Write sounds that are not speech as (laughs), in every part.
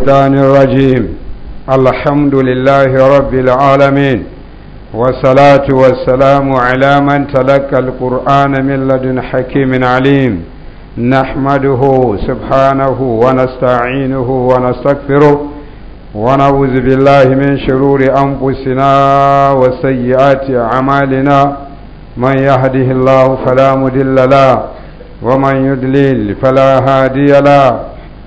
الشيطان الرجيم الحمد لله رب العالمين والصلاة والسلام على من تلقى القرآن من لدن حكيم عليم نحمده سبحانه ونستعينه ونستغفره ونعوذ بالله من شرور أنفسنا وسيئات أعمالنا من يهده الله فلا مدل له ومن يدلل فلا هادي له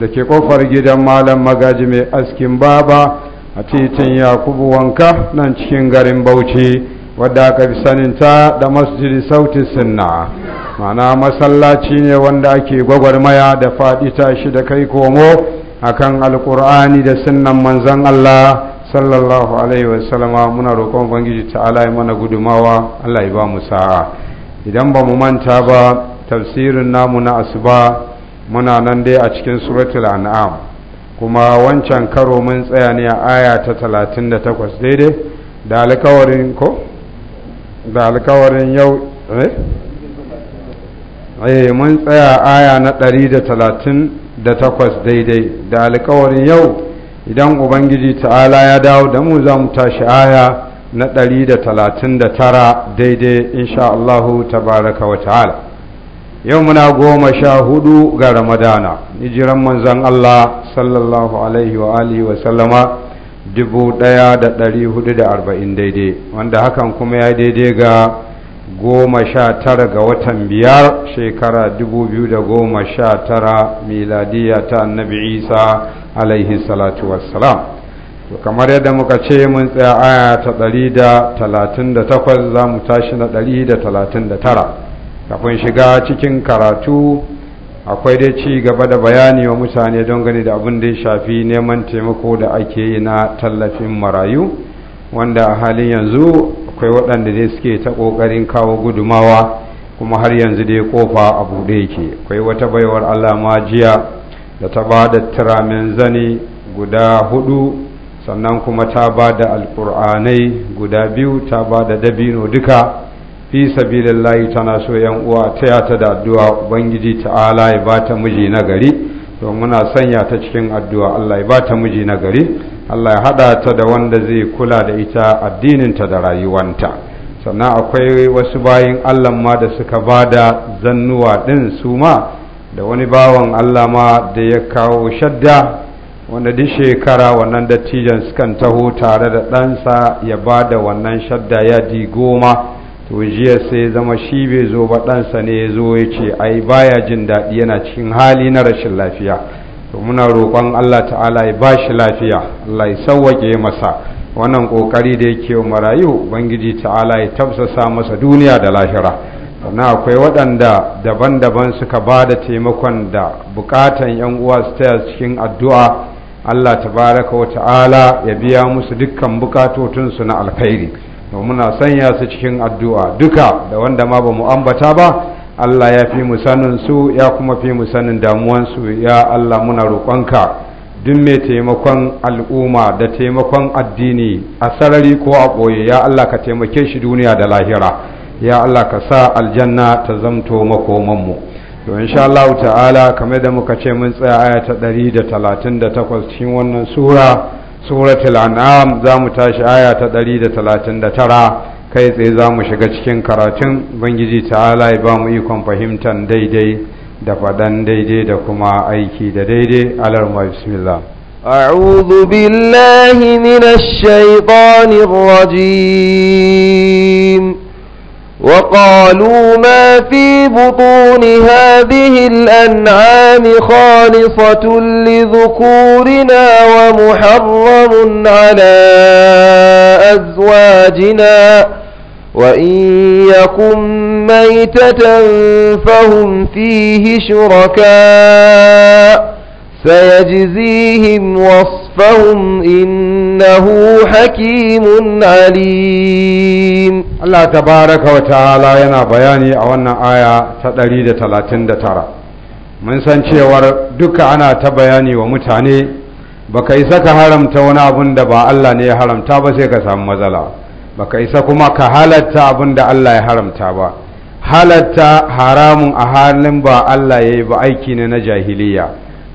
da ke kofar gidan malam magaji mai askin baba a titin yakubu wanka nan cikin garin bauchi wadda aka fi saninta da masjidi sauti sinna mana masallaci ne wanda ake gwagwarmaya da faɗi shi da kai komo a kan alkur'ani da sunnan manzan allah sallallahu alaihi wasallama muna roƙon ubangiji ta'ala ya mana gudumawa Allah ya ba mu sa'a idan ba mu manta ba tafsirin namu na asuba muna nan dai a cikin suratul an'am kuma wancan karo mun tsaya ne a aya ta 38 daidai da alkawarin ko da alkawarin yau eh eh mun tsaya aya na 138 daidai da alkawarin yau idan ubangiji ta'ala ya dawo da mu za mu tashi aya na 139 daidai insha Allahu tabaraka wa ta'ala yau muna goma sha hudu ga ramadana hijiran manzan Allah sallallahu alaihi wa alihi wa sallama dubu daya da dari hudu da arba'in daidai wanda hakan kuma ya daidai ga goma sha tara ga watan biyar shekara dubu biyu da goma sha tara miladiya ta annabi isa alaihi salatu wassalam to kamar yadda muka ce mun tsaya aya ta ɗari da talatin da takwas za mu tashi na ɗari da talatin da tara kafin shiga cikin karatu akwai dai ci gaba da bayani wa mutane don gani da abin da ya shafi neman taimako da ake yi na tallafin marayu wanda a halin yanzu akwai waɗanda dai suke ta ƙoƙarin kawo gudumawa kuma har yanzu dai kofa a buɗe yake akwai wata baiwar Allah jiya da ta ba da tiramin zani guda hudu sannan kuma ta ba da alƙur'anai guda biyu ta ba da dabino duka fi sabilillahi tana so yan uwa taya ta da addu'a ubangiji ta'ala ya bata miji na gari to muna sanya ta cikin addu'a Allah ya bata miji na gari Allah ya haɗa ta da wanda zai kula da ita addininta da rayuwanta sannan akwai wasu bayin Allah ma da suka ba da zannuwa din su ma da wani bawan Allah ma da ya kawo shadda wanda duk shekara wannan dattijan sukan taho tare da ɗansa ya ba da wannan shadda ya di goma to jiya sai zama shi bai zo ba ɗansa ne ya zo ya ce ai baya jin daɗi yana cikin hali na rashin lafiya to muna roƙon Allah ta'ala ya ba shi lafiya Allah ya sauwaƙe masa wannan ƙoƙari da yake wa marayu bangiji ta'ala ya tafsasa masa duniya da lahira sannan akwai waɗanda daban-daban suka ba da taimakon da buƙatan 'yan uwa su taya cikin addu'a Allah tabaraka wa ta'ala ya biya musu dukkan bukatotunsu na alkhairi to muna sanya su cikin addu'a duka da wanda ma ba mu ambata ba Allah ya fi mu sanin su ya kuma fi mu sanin damuwansu ya Allah muna roƙonka duk mai taimakon al'umma da taimakon addini a sarari ko a ɓoye ya Allah ka taimake shi duniya da lahira ya Allah ka sa aljanna ta zamto makomanmu to insha Allah ta'ala kamar da muka ce mun tsaya aya ta 138 cikin wannan sura suratul an'am za mu tashi aya ta 139 kai tsaye za mu shiga cikin karatun bangiji ta'ala ya ba mu ikon fahimtar daidai da faɗan daidai da kuma aiki da daidai alarma bismillah a'udhu billahi minash shaitanir rajim وقالوا ما في بطون هذه الأنعام خالصة لذكورنا ومحرم على أزواجنا وإن يكن ميتة فهم فيه شركاء سيجزيهم وصفهم إنه حكيم عليم الله تبارك وتعالى ينا بياني أولنا آية تدريد تلاتين ترى من سنشي وردك أنا تبياني ومتعني baka isa ka haramta wani abun da ba Allah ne ya haramta ba sai ka samu matsala baka isa kuma ka halatta abun da Allah ya haramta ba halatta haramun a halin ba Allah ya yi ba aiki ne na jahiliya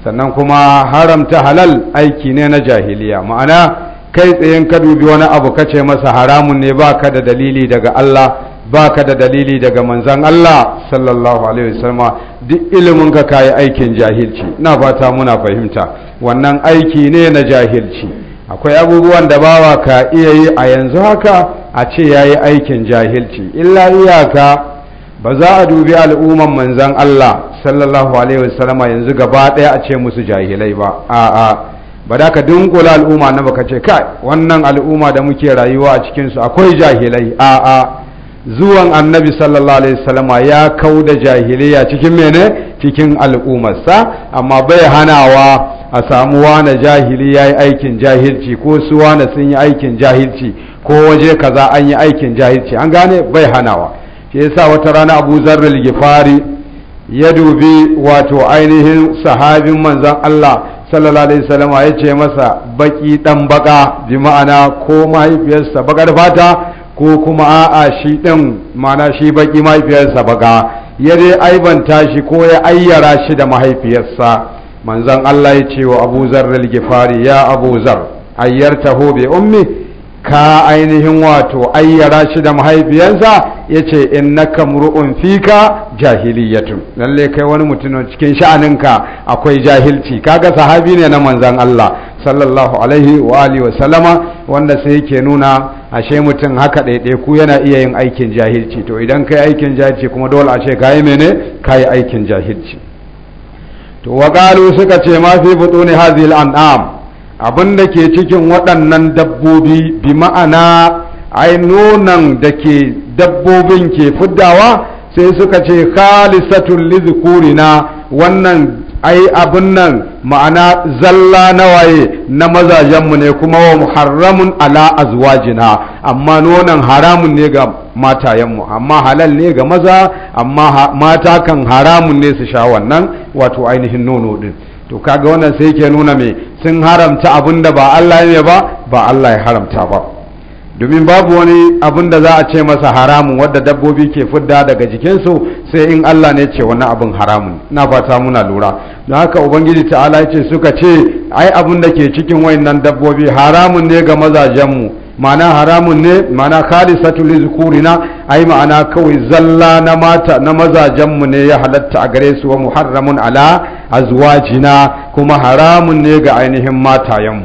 sannan kuma haramta halal aiki ne na jahiliya ma'ana kai tsayen ka dubi wani abu ka ce masa haramun ne baka da dalili daga Allah baka da dalili daga manzan Allah sallallahu alaihi wasallam duk ilimin ka kayi aikin jahilci na fata muna fahimta wannan aiki ne na jahilci akwai abubuwan da bawa ka iya yi a yanzu haka a ce yayi aikin jahilci illa iyaka ba za a dubi al'umman manzan Allah sallallahu alaihi wasallama yanzu gaba daya a ce musu jahilai ba a'a ba da ka dunkula al'umma na baka ce kai wannan al'umma da muke rayuwa a cikinsu akwai jahilai a'a zuwan annabi sallallahu alaihi wasallama ya kau da jahiliya cikin mene cikin al'ummarsa amma bai hanawa a samu wani jahili ya yi aikin jahilci ko su wani sun yi aikin jahilci ko waje kaza an yi aikin jahilci an gane bai hanawa shi yasa wata rana abu zarrul gifari ya dubi wato ainihin sahabin manzan Allah sallallahu alaihi wasallam ya ce masa baki dan baka bi ma'ana ko mahaifiyarsa bakar fata ko kuma a'a shi din ma'ana shi baki mahaifiyarsa baka ya dai aibanta shi ko ya ayyara shi da mahaifiyarsa manzan Allah ya ce wa Abu Zarr al-Ghifari ya Abu Zarr ayyartahu bi ummi ka ainihin wato ayyara shi da mahaifiyansa ya ce innaka mur'un fika jahiliyatun lalle kai wani mutum cikin sha'aninka akwai jahilci kaga sahabi ne na manzan Allah sallallahu alaihi wa alihi wa sallama wanda sai yake nuna ashe mutum haka ku yana iya yin aikin jahilci to idan kai aikin jahilci kuma dole ashe kayi mene kayi aikin jahilci to wa suka ce ma fi butuni hadhihi al-an'am abin da ke cikin waɗannan dabbobi bi ma'ana ai nunan da ke dabbobin ke fuddawa sai suka ce khalisatun lizikurina wannan ai abin nan ma'ana zalla na waye na mazajenmu ne kuma wa muharramun ala azwajina amma nonan haramun ne ga matayenmu amma halal ne ga maza amma mata kan haramun ne su sha wannan wato ainihin nono din to kaga wannan sai ke nuna mai. sun haramta abin da ba Allah ne ba ba Allah ya haramta ba domin babu wani abin da za a ce masa haramun wadda dabbobi ke fudda daga jikinsu sai in Allah ne ce wani abin haramun na fata muna lura don haka ubangiji ta'ala ya ce suka ce ai abin da ke cikin wayannan dabbobi haramun ne ga mazajenmu ma'ana haramun ne ma'ana khalisatu li ai ma'ana kawai zalla na mata na mazajenmu ne ya halatta a gare su wa muharramun ala azwajina kuma haramun ne ga ainihin matayenmu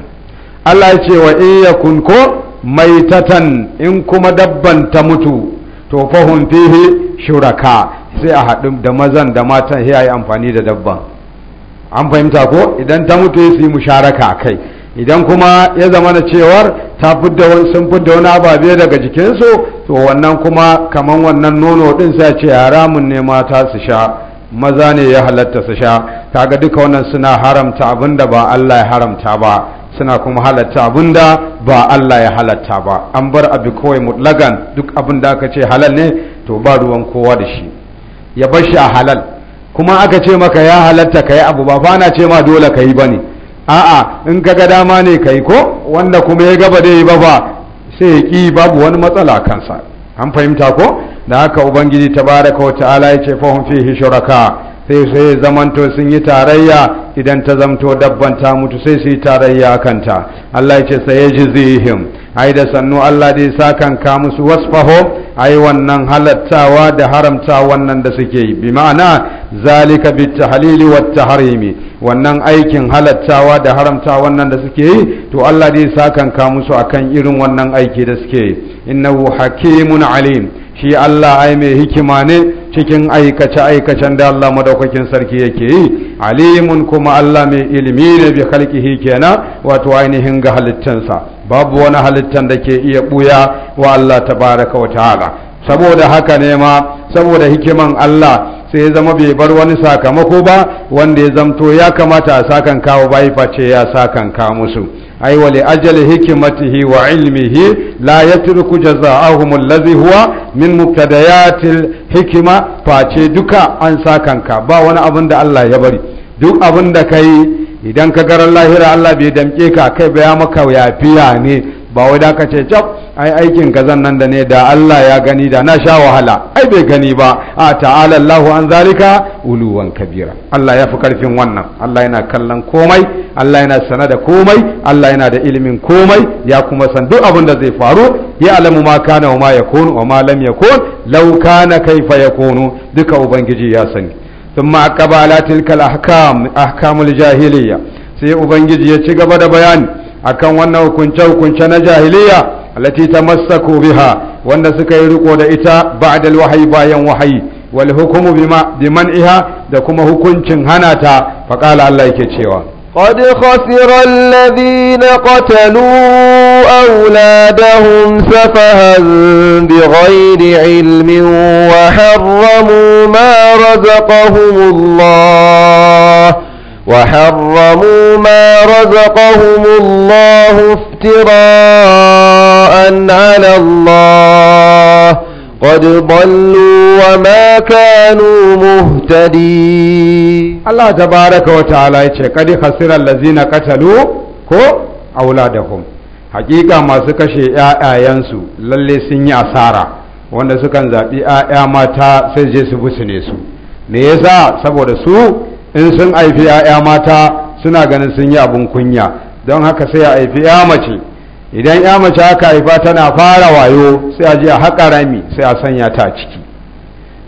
Allah ya ce wa in yakun ko maitatan in kuma dabban ta mutu to fahum fihi shuraka sai a haɗu da mazan da matan sai a amfani da dabban an fahimta ko idan ta mutu sai musharaka kai idan kuma ya zama na cewar ta fidda sun fidda wani ababe daga jikinsu to wannan kuma kaman wannan nono din sa ce haramun ne mata su sha maza ne ya halatta su sha kaga duka wannan suna haramta abinda ba Allah ya haramta ba suna kuma halatta abinda ba Allah ya halatta ba an bar abu kawai mutlagan duk abin da aka ce halal ne to ba ruwan kowa da shi ya bar shi a halal kuma aka ce maka ya halatta kai abu ba fa ana ce ma dole ka bane ba a'a in ka ga dama ne kai ko wanda kuma ya gaba dai ba ba sai ya ki babu wani matsala kansa an fahimta ko da haka ubangiji tabaraka wa ta'ala yace ce hum fihi shuraka sai sai zamanto sun yi tarayya idan ta zamto dabban ta mutu sai su yi tarayya kanta Allah zai yi him. ai da sannu Allah dai sakan ka musu wasfaho ai wannan halattawa da haramta wannan da suke yi bi ma'ana zalika bi tahlili wa tahrimi wannan aikin halattawa da haramta wannan da suke yi to Allah dai sakan ka musu akan irin wannan aiki da suke yi innahu hakimun alim shi Allah ai mai hikima ne cikin aikace-aikacen da Allah madaukakin sarki yake yi alimun kuma Allah mai ilimi ne bi khalqihi kenan wato ainihin ga halittansa babu wani halittan da ke iya buya wa Allah baraka wa ta'ala saboda haka ne ma saboda hikiman Allah sai ya zama bai bar wani sakamako ba wanda ya zamto ya kamata a sakan kawo bai face ya sakan ka musu ai wa ajali hikimatihi wa ilmihi la yatruku jazaa'ahum allazi huwa min mubtadayatil hikima face duka an sakan ka ba wani abin da Allah ya bari duk abin da kai idan ka garan lahira Allah bai damke ka kai ba ya maka yafiya ne ba wai da ka ce cap ai aikin kazan nan da ne da Allah ya gani da na sha wahala ai bai gani ba a ta'ala Allahu an zalika uluwan kabira Allah ya fi karfin wannan Allah yana kallon komai Allah yana sana da komai Allah yana da ilimin komai ya kuma san duk abin da zai faru ya alamu ma kana wa ma yakunu wa ma lam yakun law kana kaifa yakunu duka ubangiji ya sani ثم أقب على تلك الأحكام أحكام الجاهلية سي أبنجي يتشغب بيان أكن وأنه كنشو كنشنا جاهلية التي تمسكوا بها وأن سكيرقوا دئتا بعد الوحي بايا وحي والحكم بمنعها دكما هكنش هناتا فقال الله يكتشيوان قد خسر الذين قتلوا أولادهم سفها بغير علم وحرموا ما رزقهم الله وحرموا ما رزقهم الله افتراء على الله قد ضلوا وما كانوا مهتدين الله تبارك وتعالى يقول قد خسر الذين قتلوا كو أولادهم hakika masu kashe ‘ya'yayensu lallai sun yi asara wanda sukan zaɓi ‘ya'ya mata sai je su busune su me yasa saboda su in sun haifi ‘ya'ya mata suna ganin sun yi abin kunya don haka sai a haifi ‘ya mace idan ya mace aka haifa tana fara wayo sai a ji a haƙa rami sai a sanya ta ciki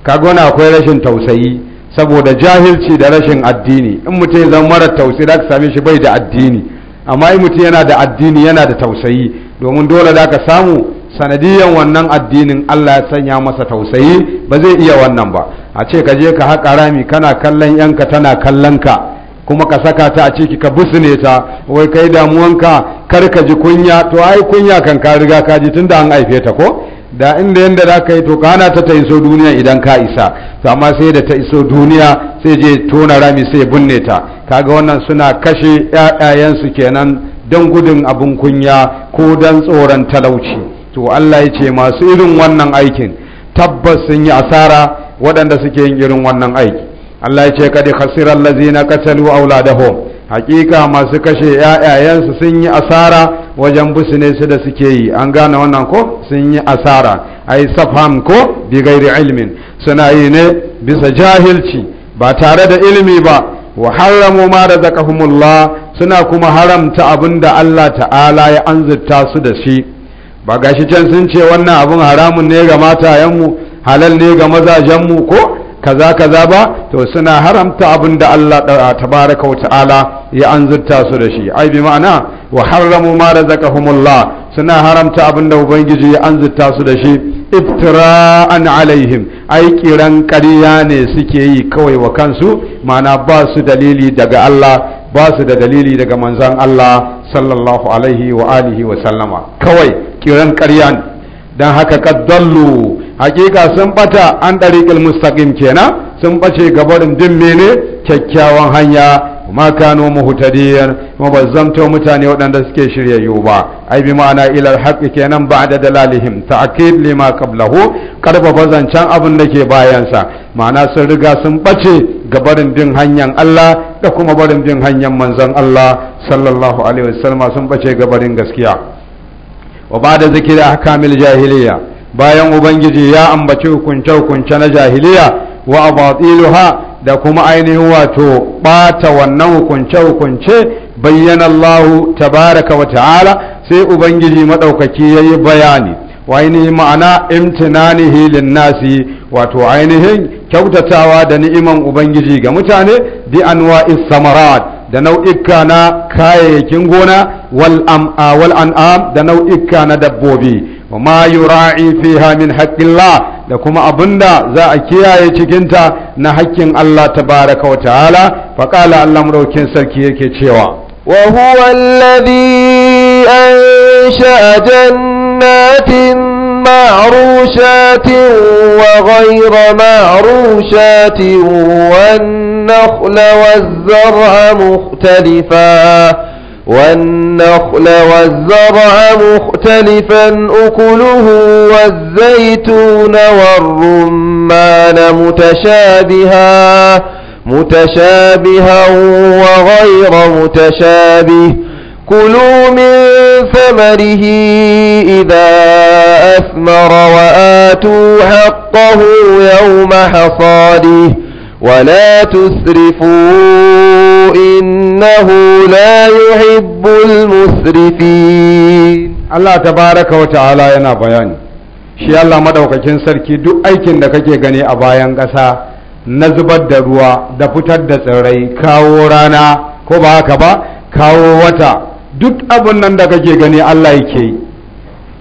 kaga wani akwai rashin tausayi saboda jahilci da rashin addini in mutum ya zama mara tausayi za ka same shi bai da addini amma in mutum yana da addini yana da tausayi domin dole za ka samu sanadiyan wannan addinin Allah ya sanya masa tausayi ba zai iya wannan ba a ce ka je ka haƙa rami kana kallon yanka tana kallon ka kuma ka saka ta a ciki ka busne ta wai kai ka kar ka ji kunya to ai kunya kan ka riga ka ji tunda an haife ta ko da inda yanda za ka yi to ka ta ta iso duniya idan ka isa to amma sai da ta iso duniya sai je tona rami sai binne ta kaga wannan suna kashe ƴaƴayensu kenan don gudun abin kunya ko don tsoron talauci to Allah ya ce masu irin wannan aikin tabbas sun yi asara waɗanda suke yin irin wannan aiki Allah ya ce kad khasira allazina katalu auladahum hakika masu kashe ‘ya'yayensu sun yi asara wajen busine su da suke yi an gane wannan ko sun yi asara ai safham ko bi gairi ilmin suna yi ne bisa jahilci ba tare da ilimi ba wa haramu ma razaqahumullah suna kuma haramta abin da Allah ta'ala ya anzurta su da shi ba gashi can sun ce wannan abun haramun ne ga matayenmu halal ne ga mazajenmu ko kaza kaza ba to suna haramta abin da Allah tabaraka wata'ala ya anzurta su da shi ai bi ma'ana wa harramu ma razaqahumullah suna haramta abin da ubangiji ya anzurta su da shi iftira'an alaihim ai kiran ƙarya ne suke yi kawai wa kansu ma'ana ba su dalili daga Allah ba su da dalili daga manzon Allah sallallahu alaihi wa alihi wa sallama kawai kiran ƙarya ne dan haka kaddallu hakika sun bata an ɗariƙil mustaqim kenan sun bace gabarin din mene kyakkyawan hanya ma kano muhtadiyan kuma ba zanto mutane waɗanda suke shirya yiwu ba ai bi ma'ana ilar haƙi kenan ba da dalalihim ta'kid lima qablahu karba bazancan abin da ke bayansa ma'ana sun riga sun bace gabarin bin hanyar Allah da kuma barin din hanyar manzon Allah sallallahu alaihi wasallam sun bace gabarin gaskiya wa ba da zikira ahkamil jahiliya bayan ubangiji ya ambaci hukunce hukunce na jahiliya wa abatiluha da kuma ainihin wato bata wannan hukunce hukunce bayyana Allah tabaraka wa ta'ala sai ubangiji madaukaki yayi bayani wa ainihin ma'ana imtinanihi nasi. wato ainihin kyautatawa da ni'iman ubangiji ga mutane bi anwa'is samarat da nau'ika na kayayyakin gona wal an'am da nau'ika na dabbobi وما يراعي فيها من حق الله لكم أبندا ذا أكيا يتكنت نحك الله تبارك وتعالى فقال الله مروكين سلكي كتشيوا وهو الذي أنشأ جنات معروشات وغير معروشات والنخل والزرع مختلفاً والنخل والزرع مختلفا أكله والزيتون والرمان متشابها متشابها وغير متشابه كلوا من ثمره إذا أثمر وآتوا حقه يوم حصاده ولا تسرفوا إنه لا يحب المسرفين الله تبارك وتعالى yana bayani shi Allah madaukakin sarki duk aikin da kake gani a bayan ƙasa na zubar da ruwa da fitar da tsirrai kawo rana ko ba haka ba kawo wata duk abun nan da kake gani Allah yake yi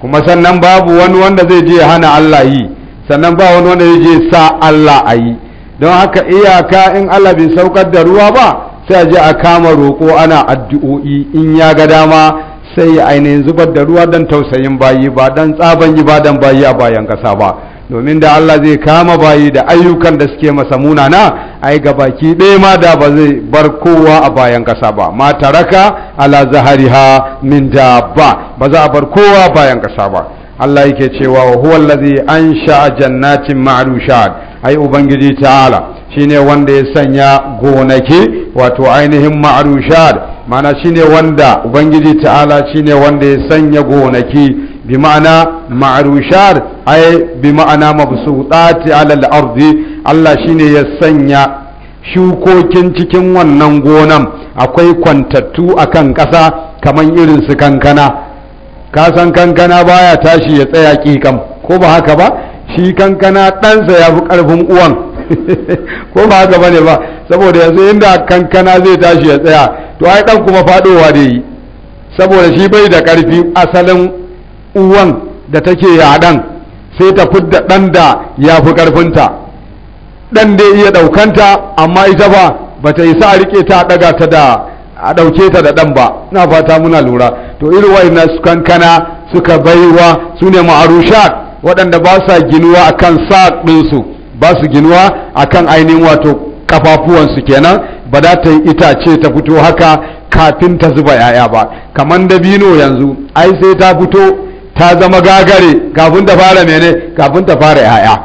kuma sannan babu wani wanda zai je hana Allah yi sannan ba wani wanda zai je sa Allah a yi don haka iyaka in Allah bai saukar da ruwa ba sai a je a kama roƙo ana addu'o'i in ya ga dama sai ya ainihin zubar da ruwa don tausayin bayi ba don tsaban ibadan bayi a bayan ƙasa ba domin da Allah zai kama bayi da ayyukan da suke masa muna na ai ga baki ɗaya ma da ba zai bar kowa a bayan ƙasa ba ma taraka ala zahariha min dabba ba za a bar kowa bayan ƙasa ba Allah yake cewa wa huwa allazi ansha'a jannatin ma'rushat ai ubangiji ta'ala shine wanda ya sanya gonaki wato ainihin ma'rushat mana shine wanda ubangiji ta'ala shine wanda ya sanya gonaki bi ma'ana ma'rushat ai bi ma'ana mabsutati 'ala al-ardi Allah shine ya sanya shukokin cikin wannan gonan akwai kwantattu akan ƙasa kaman irin su kankana ka san kankana baya tashi ya tsaya kam ko ba haka ba shi kankana ɗansa ya fi ƙarfin uwan (laughs) ko ba haka ba ne ba saboda yanzu inda kankana zai tashi ya tsaya to ai ɗan kuma faɗowa da yi saboda shi bai da ƙarfi asalin uwan da take yaɗan sai ta fidda ɗan da ya fi ƙarfinta ɗan dai iya ɗaukanta amma ita ba ba ta isa a riƙe ta ɗaga ta da a ɗauke ta da ɗan ba na fata muna lura to irin wayannan su kankana suka baiwa su ne ma'arushat waɗanda ba sa ginuwa akan sa ɗinsu ba su ginuwa akan ainihin wato kafafuwansu kenan ba za ta yi itace ta fito haka kafin ta zuba 'ya'ya ba kamar dabino yanzu ai sai ta fito ta zama gagare kafin ta fara mene kafin ta fara 'ya'ya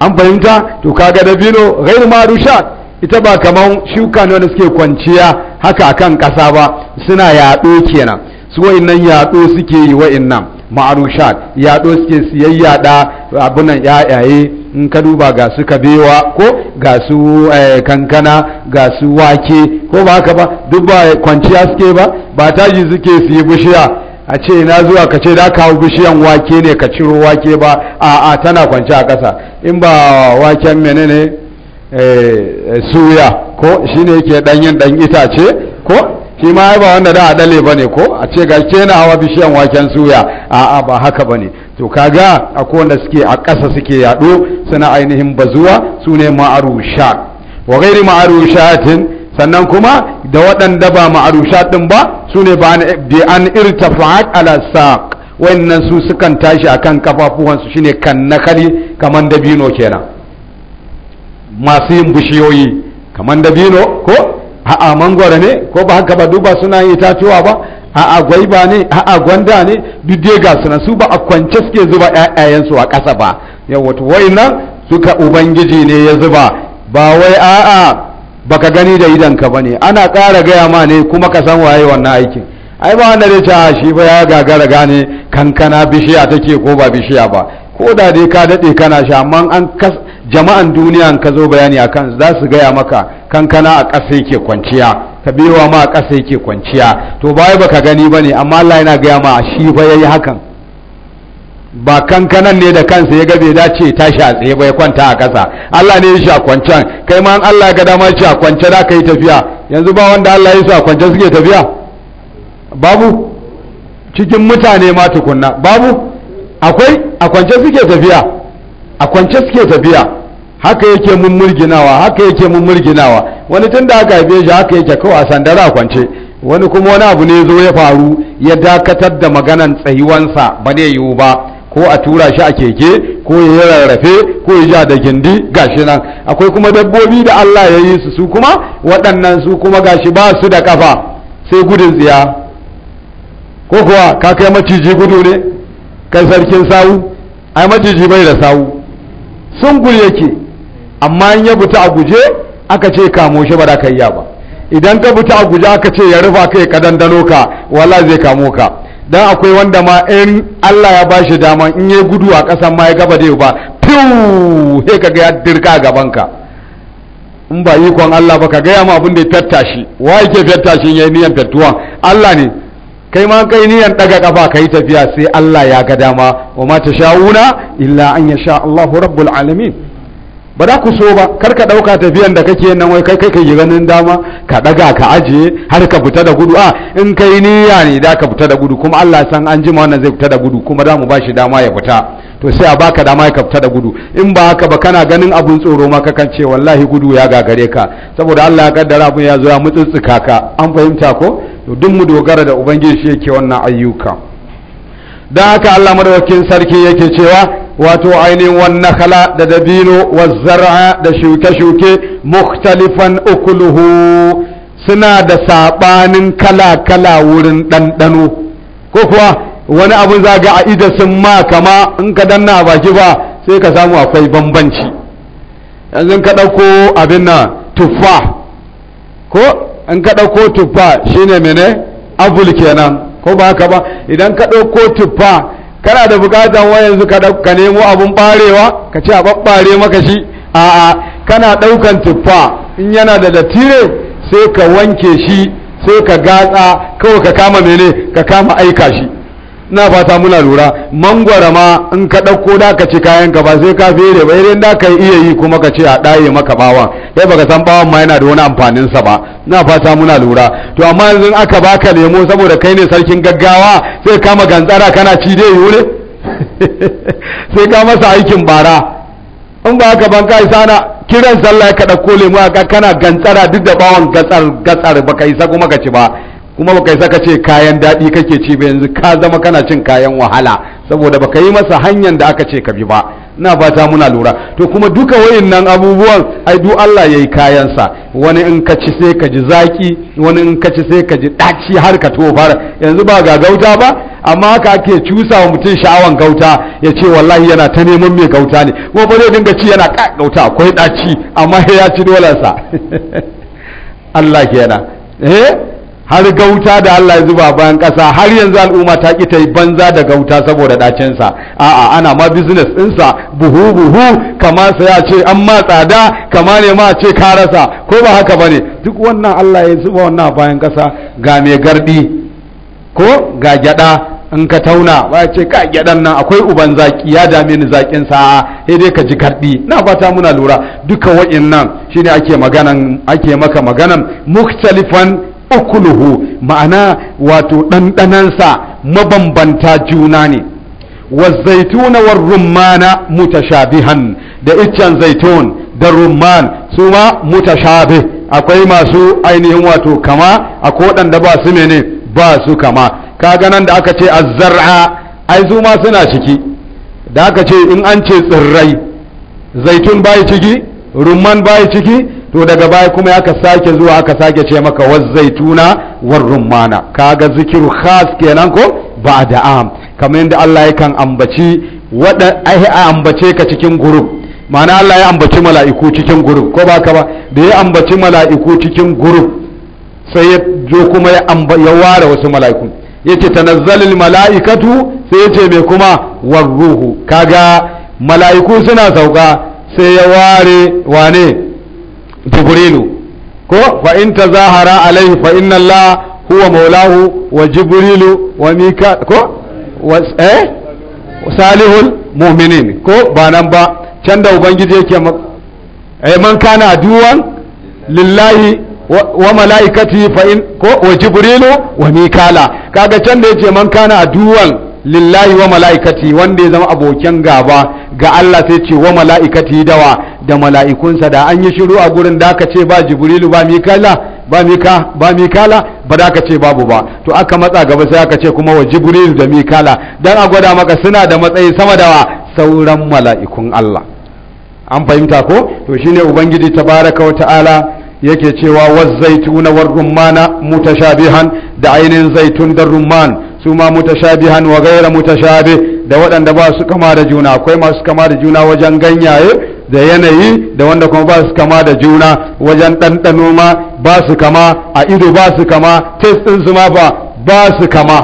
an fahimta to kaga dabino ghairu marushat ita ba kamar shuka ne wanda suke kwanciya haka kan kasa ba suna yaɗo kenan su wa'innan yaɗo suke yi wa'innan ma'arushat yaɗo suke siyayyaɗa abunan yayaye in ka duba ga su kabewa ko ga su eh, kankana ga su wake ko ba haka ba duk ba kwanciya suke ba ba taji suke su yi bishiya a ce na zuwa ka ce da hau bishiyan wake ne ka ciro wake ba a tana kwanciya a kasa in ba waken menene Eh, eh, suya ko shi ne yake danyen dan itace ko shi ma ba wanda da a ba ne ko a ce ga ke na hawa bishiyan waken suya a'a ba haka ba ne to kaga a wanda suke a ƙasa suke yaɗo suna ainihin bazuwa su ne ma'arusha wa gairi ma'arushatin sannan kuma da waɗanda ba ma'arusha ɗin ba su ne bi an irtafa'at ala saq wayannan su sukan tashi akan kafafuwansu shine kan nakali kaman dabino kenan masu yin bishiyoyi kamar dabino ko a'a mangwara ne ko ba haka ba duba suna yin itatuwa ba a'a gwaiba ne a'a gwanda ne duk dai ga suna su ba a kwance suke zuba ƴaƴayensu a ƙasa ba yawa to wayannan suka ubangiji ne ya zuba ba wai a'a baka gani da idanka bane ana ƙara gaya ma ne kuma ka san waye wannan aikin ai ba wanda zai ce shi ba ya gagara gane kankana bishiya take ko ba bishiya ba ko da dai ka daɗe kana sha amma an jama'an duniya ka zo bayani a kan za su gaya maka kankana a ƙasa yake kwanciya ka biyowa ma a ƙasa yake kwanciya to baya baka gani ba ne amma Allah yana gaya ma shi fa yayi hakan ba kankanan ne da kansa ya ga bai dace tashi a tsaye ba ya kwanta a ƙasa Allah ne ya shi a kwancan kai ma Allah ga dama shi a kwance da ka yi tafiya yanzu ba wanda Allah ya shi a kwance suke tafiya babu cikin mutane ma tukunna babu akwai a kwance suke tafiya a kwance suke tafiya haka yake mun murginawa haka yake mun murginawa wani tun da aka haife shi haka yake kawai a sandara kwance wani kuma wani abu ne zo ya faru ya dakatar da maganan tsayuwansa ba ne yiwu ba ko a tura shi a keke ko ya yi rarrafe ko ya ja da gindi gashi nan akwai kuma dabbobi da Allah ya yi su su kuma waɗannan su kuma gashi ba su da kafa sai gudun tsiya ko kuwa ka kai maciji gudu ne kai sarkin sawu ai maciji bai da sawu sun yake amma in ya buta a guje aka ce kamo shi ba da kai ya ba idan ka buta a guje aka ce ya rufa kai ka dandano ka wala zai kamo ka dan akwai wanda ma in Allah ya bashi dama in yayi gudu a ƙasan ma ya gaba da ba fiu sai kaga ya dirka gaban ka in ba ikon Allah ba ka gaya ma abin da ya tattashi wa yake tattashi yayi niyan tattuwa Allah ne kai ma kai niyan daga kafa kai tafiya sai Allah ya ga dama wa ma tashauna illa an yasha Allahu rabbul alamin ba za ku so ba kar ka ɗauka tafiyan da kake nan wai kai kai yi ganin dama ka ɗaga ka ajiye har ka fita da gudu a in kai niyya ne da ka fita da gudu kuma Allah san an jima wannan zai fita da gudu kuma za mu ba shi dama ya fita to sai a baka dama ka fita da gudu in ba haka ba kana ganin abun tsoro ma kakan ce wallahi gudu ya gagare ka saboda Allah ya kaddara abun ya zo ya mutsutsuka ka an fahimta ko to duk mu dogara da ubangiji shi yake wannan ayyuka dan haka Allah madaukakin sarki yake cewa wato ainihin wannan kala da dabino zara da shuke-shuke mukhtalifan ukuluhu suna da saɓanin kala-kala wurin ɗanɗano ko kuwa wani abun zaga a ida sun ma kama in ka danna a baki ba sai ka samu akwai bambanci yanzu ka ɗauko abin na tuffa ko in ka ɗauko tuffa shine mene abul kenan ko ba haka ba idan ka ɗauko tuffa kana da bukatan yanzu ka nemo abun barewa ka ce a babbare maka shi a'a kana daukan tuffa in yana da datire sai ka wanke shi sai ka gatsa kawai ka kama mene ka kama aika shi na fata muna lura mangwara ma in ka ɗauko da ka ci kayan ka ba sai ka fere ba idan da ka iya yi kuma ka ce a ɗaye maka bawan kai baka san bawan ma yana da wani amfanin sa ba na fata muna lura to amma yanzu aka baka lemo saboda kai ne sarkin gaggawa sai kama gantsara kana ci dai yure (laughs) sai ka masa aikin bara in ba haka ban ka sana kiran sallah ka ɗauko lemo a kana gantsara duk da bawan gatsar gatsar baka isa kuma ka ci ba kuma baka saka ce kayan daɗi kake ci ba yanzu ka zama kana cin kayan wahala saboda baka yi masa hanyar da aka ce ka bi ba na fata muna lura to kuma duka nan abubuwan ai duk Allah yayi kayansa wani in ka ci sai ka ji zaki wani in ka ci sai ka ji daci har ka tofar yanzu ba ga gauta ba amma haka ake cusa wa mutum sha'awan gauta ya ce wallahi yana ta neman mai gauta ne kuma ba zai dinga ci yana ka gauta akwai daci amma ya ci dolarsa (laughs) Allah kenan eh har gauta da Allah ya zuba bayan kasa har yanzu al'umma ta ƙi ta yi banza da gauta saboda ɗacinsa a'a ana ma business ɗinsa buhu buhu kama ya ce an ma tsada kama ne ma ce ka rasa ko ba haka bane duk wannan Allah ya zuba wannan bayan kasa ga mai gardi ko ga gyada in ka tauna ba ce ka gyadan nan akwai uban zaki ya dame ni zakin sa sai dai ka ji karɗi na fata muna lura duka wa'annan shine ake maganan ake maka maganan muktalifan ukuluhu ma'ana wato ɗanɗanansa mabambanta juna ne na والرمان mutashabihan da iccen zaitun da rumman su ma mutashabe akwai masu ainihin wato kama a waɗanda ba su mene ba su kama kaga nan da aka ce azzar'a ai su ma suna ciki da aka ce in an ce tsirrai zaitun bai ciki rumman bai ciki to daga baya kuma aka sake zuwa aka sake ce maka wazzaituna war rummana kaga zikiru khas kenan ko ba da am kamar yadda Allah yakan ambaci wada ai ambace ka cikin gurub ma'ana Allah ya ambaci mala'iku cikin gurub ko ba ka ba da ya ambaci mala'iku cikin gurub sai ya jo kuma ya ya ware wasu mala'iku yace tanazzalul mala'ikatu sai yace me kuma war ruhu kaga mala'iku suna sauka sai ya ware wane jibrilu ko fa in tazahara alaihi fa inna Allah huwa maulahu wa jibrilu wa mika ko wa eh salihul mu'minin ko ba nan ba can da ubangiji yake eh man kana duwan lillahi wa mala'ikati fa in ko wa jibrilu wa mikala kaga can da yace man kana duwan lillahi wa mala'ikati wanda ya zama abokin gaba ga Allah sai ce wa mala'ikati dawa da mala'ikunsa da an yi shiru a gurin da aka ce ba jibrilu ba mikala ba mika ba mikala ba da aka ce babu ba to aka matsa gaba sai aka ce kuma wa jibrilu da mikala dan a gwada maka suna da matsayi sama da sauran mala'ikun Allah an fahimta ko to shine ubangiji tabaraka wa ta'ala yake cewa wazaituna war rummana mutashabihan da ainihin zaitun da rumman su ma mutashabihan wa gaira mutashabih da waɗanda ba su kama da juna akwai masu kama da juna wajen ganyaye da yanayi da wanda kuma ba su kama da juna wajen ɗanɗano ma ba su kama a ido ba su kama testin su ma ba ba su kama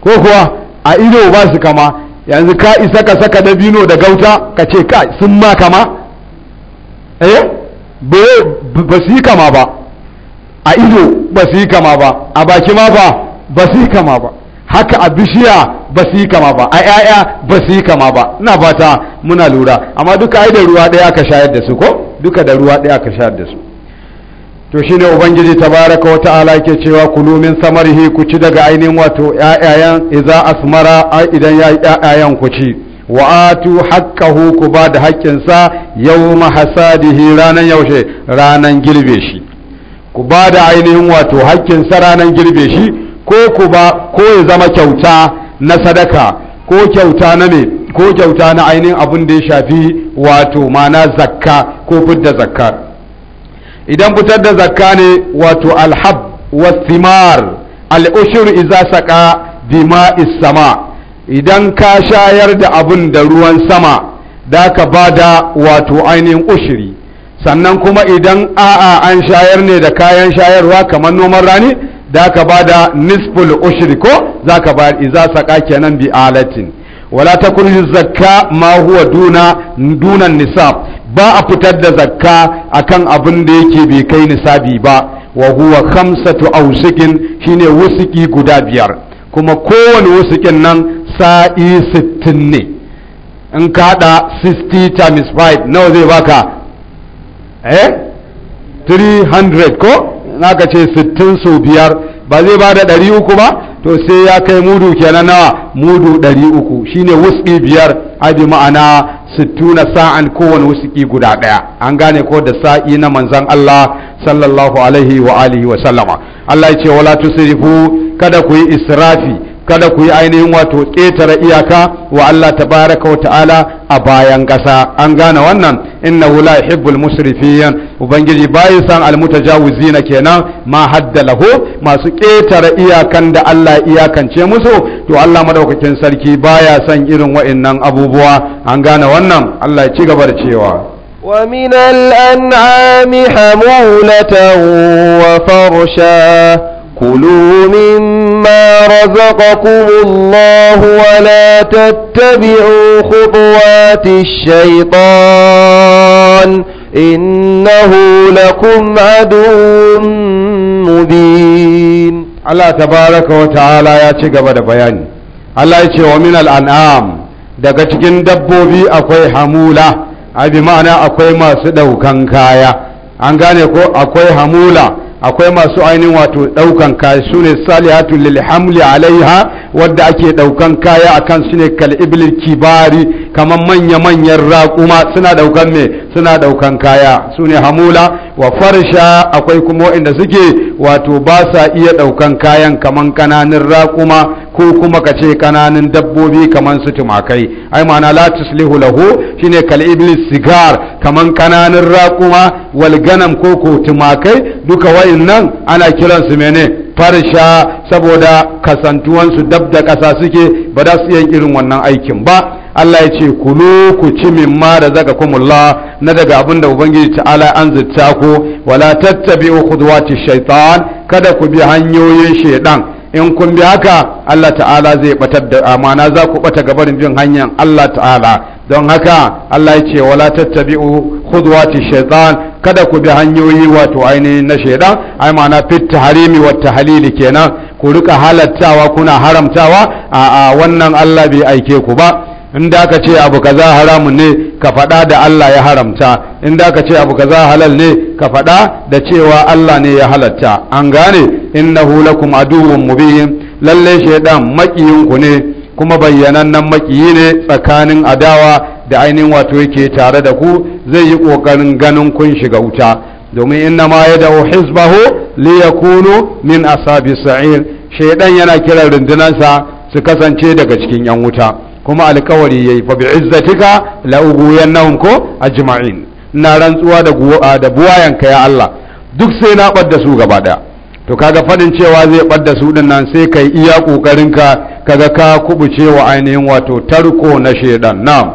ko kuwa a ido ba su kama yanzu ka isa ka saka dabino da gauta ka ce ka sun ma kama eh ba su yi kama ba a ido ba su yi kama ba a baki ma ba ba su yi kama ba haka a bishiya ba su yi kama ba a 'ya'ya ba su yi kama ba ina fata muna lura amma duka ai da ruwa ɗaya aka shayar da su ko duka da ruwa ɗaya aka shayar da su to shine ubangiji tabaraka wa ta'ala yake cewa kulu min samarihi ku ci daga ainihin wato 'ya'yayan idza asmara idan ya 'ya'yayan ku ci wa atu haqqahu ku ba da haƙƙinsa yawma hasadihi ranan yaushe ranan girbe shi ku ba da ainihin wato haƙƙinsa ranan girbe shi ko ku ba ko ya zama kyauta na sadaka ko kyauta na ne ko kyauta na ainihin abin da ya shafi wato mana zakka ko fidda zakka idan fitar da zakka ne wato alhab wa wasimar al'ushur iza saka dima sama idan ka shayar da abin da ruwan sama da ka ba da wato ainihin ushiri sannan kuma idan a'a an shayar ne da kayan shayarwa kamar noman rani da ka ba da nisful ushri ko za ka bayar iza saka kenan bi alatin wala takunu zakka ma huwa duna dunan nisab ba a fitar da zakka akan abin da yake bai kai nisabi ba wa huwa khamsatu awsikin shine wusiki guda biyar kuma kowane wusikin nan sa'i 60 ne in ka hada 60 times 5 nawa zai baka eh 300 ko n'aka ce sittin sau biyar ba zai ba da ɗari uku ba to sai ya kai mudu kenan na mudu ɗari uku shine wuski biyar abi ma'ana na sa'an kowane wuski guda ɗaya an gane ko da sa'i na manzan Allah sallallahu alaihi wa alihi wa sallama Allah ya ce wala tusrifu kada ku yi israfi kada ku yi ainihin wato ƙetare iyaka wa Allah tabaraka wa ta'ala a bayan ƙasa an gane wannan innahu la hibbul musrifin ubangiji bayi san almutajawizina kenan ma hadda lahu masu ƙetare iyakan da Allah iyakance musu to Allah madaukakin sarki baya san irin wa'annan abubuwa an gane wannan Allah ya ci gaba da cewa ومن الأنعام حمولة وفرشا كلوا مما رزقكم الله ولا تتبعوا خطوات الشيطان إنه لكم عدو مبين الله تبارك وتعالى يا شيخ بياني الله يشي ومن الأنعام daga cikin dabbobi akwai hamula a bi ma'ana akwai masu ɗaukan kaya an gane ko akwai hamula akwai masu ainihin wato ɗaukan kaya su ne salihatu lilhamli alaiha wadda ake ɗaukan kaya akan su ne kal'ibilin kibari kamar manya manyan raƙuma suna daukan me suna daukan kaya su ne hamula wa farsha akwai kuma waɗanda suke wato ba sa iya ɗaukan kayan kamar kananan raƙuma ko kuma ka ce kananan dabbobi kamar su tumakai ai ma'ana la tuslihu lahu shine kal iblis sigar kamar kananan raƙuma wal ganam ko ko tumakai duka wayannan ana kiransu mene farsha saboda kasantuwansu dab da ƙasa suke ba za su iya irin wannan aikin ba Allah ya ce kulu ku ci mimma da zaka kumulla na daga abin da Ubangiji ta'ala an zitta ku wala tattabi'u khudwati shaitan kada ku bi hanyoyin shaiɗan. in kun bi haka Allah ta'ala zai batar da amana za ku bata gabarin jin hanyar Allah ta'ala don haka Allah ya ce wala tattabi'u khudwati shaitan kada ku bi hanyoyi wato ainihin na shaidan ai ma'ana fit harimi wa tahlili kenan ku rika halattawa kuna haramtawa a wannan Allah bai aike ku ba in da ka ce abu kaza haramun ne ka faɗa da Allah ya haramta in da ka ce abu kaza halal ne ka faɗa da cewa Allah ne ya halatta an gane innahu lakum aduwwun mubin lalle makiyin ku ne kuma bayyanannen makiyi ne tsakanin adawa da ainihin wato yake tare da ku zai yi kokarin ganin kun shiga wuta domin inna ma ya da'u hizbahu liyakunu min ashabi sa'ir shaidan yana kiran rundunarsa su kasance daga cikin yan wuta kuma alkawari yayi fa bi'izzatika la ughwiyannahum ko jima'in na rantsuwa da da buwayanka ya Allah duk sai na ɓadda su gaba daya to kaga fadin cewa zai ɓadda su ɗin nan sai kai iya ka kaga ka kubuce wa ainihin wato tarko na shaidan na'am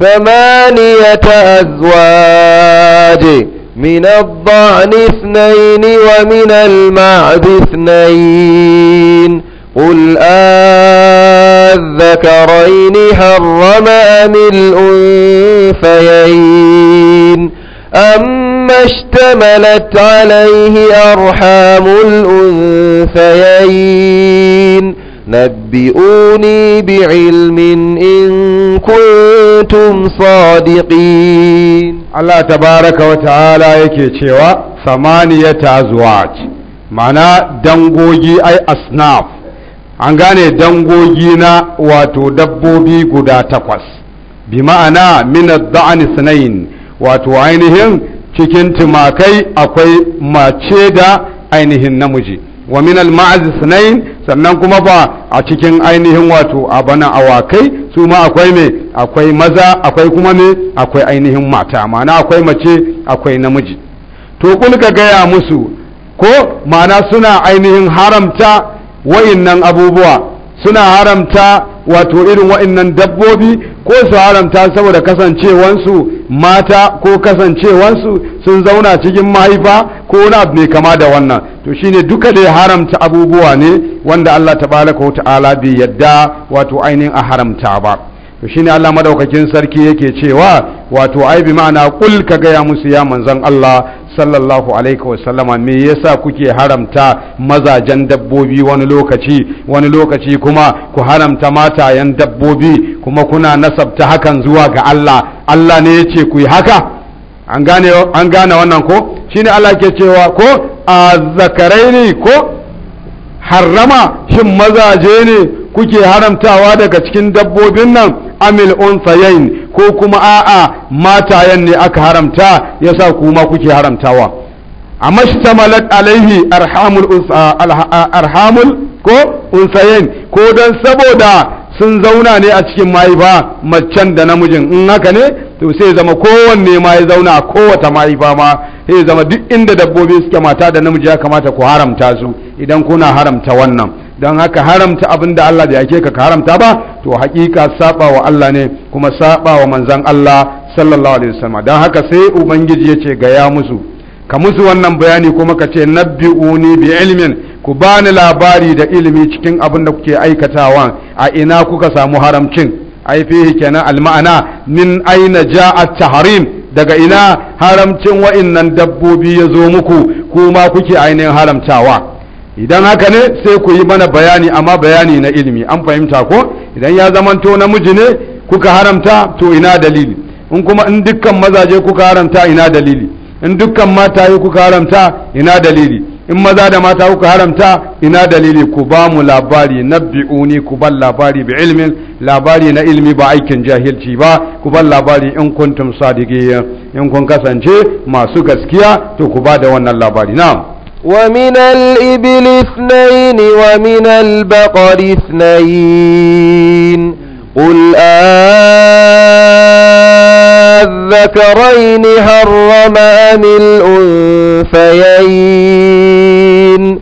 ثمانية أزواج من الضأن اثنين ومن المعد اثنين قل أذكرين حرم أم الأنفيين أما اشتملت عليه أرحام الأنفيين نبئوني بعلم إن كنتم صادقين الله تبارك وتعالى يكي ثمانية أزواج معنى دنقوجي أي أصناف an gane dangogi na wato dabbobi guda takwas bi ma'ana minad da'ani sanayin wato ainihin cikin tumakai akwai mace da ainihin namiji wa minal ma'azi sanayin sannan kuma ba a cikin ainihin wato abana awakai su ma akwai me akwai maza akwai kuma me akwai ainihin mata ma'ana akwai mace akwai namiji to kulka gaya musu ko ma'ana suna ainihin haramta wa'innan abubuwa suna haramta wato irin wa'innan dabbobi ko su haramta saboda kasancewansu mata ko kasancewansu sun zauna cikin mahaifa ko wani abu mai kama da wannan to shine duka da ya haramta abubuwa ne wanda Allah tabaraka wa ta'ala bai yadda wato ainihin a haramta ba to shine Allah madaukakin sarki yake cewa wato ai bi ma'ana kul ka gaya musu ya manzon Allah sallallahu alaihi wasallama me yasa kuke haramta mazajen dabbobi wani lokaci wani lokaci kuma ku haramta matayen dabbobi kuma kuna nasabta hakan zuwa ga Allah Allah ne yace ku yi haka an gane an gane wannan ko shine Allah ke cewa ko azzakaraini ko harrama shin mazaje ne kuke haramtawa daga cikin dabbobin nan amil unsayain ko kuma a'a matayen ne aka haramta yasa kuma kuke haramtawa amma shtamalat alaihi arhamul arhamul ko unsayain ko dan saboda sun zauna ne a cikin mahaifa macen da namijin in haka ne to sai zama kowanne ma ya zauna a kowata mahaifa ma sai zama duk inda dabbobi suke mata da namiji ya kamata ku haramta su idan kuna haramta wannan don haka haramta abin da Allah bai ake ka haramta ba to hakika saba wa Allah ne kuma saba wa manzon Allah sallallahu alaihi wasallam don haka sai ubangiji yace ga ya musu ka musu wannan bayani kuma ka ce nabbi'uni bi ilmin ku bani labari da ilimi cikin abin da kuke aikatawa a ina kuka samu haramcin ai fihi kenan alma'ana min aina ja'a tahrim daga ina haramcin waɗannan dabbobi ya zo muku kuma kuke ainihin haramtawa idan haka ne sai ku yi mana bayani amma bayani na ilimi an fahimta ko idan ya zamanto namiji ne kuka haramta to ina dalili in kuma in dukkan mazaje kuka haramta ina dalili in dukkan mata kuka haramta ina dalili in maza da mata kuka haramta ina dalili ku ba mu labari bi'uni ku ban labari bi ilmin labari na ilmi ba aikin jahilci ba ku ban labari in kuntum sadiqiyya in kun kasance masu gaskiya to ku ba da wannan labari na'am ومن الإبل اثنين ومن البقر اثنين قل أذكرين هرم أم الأنفيين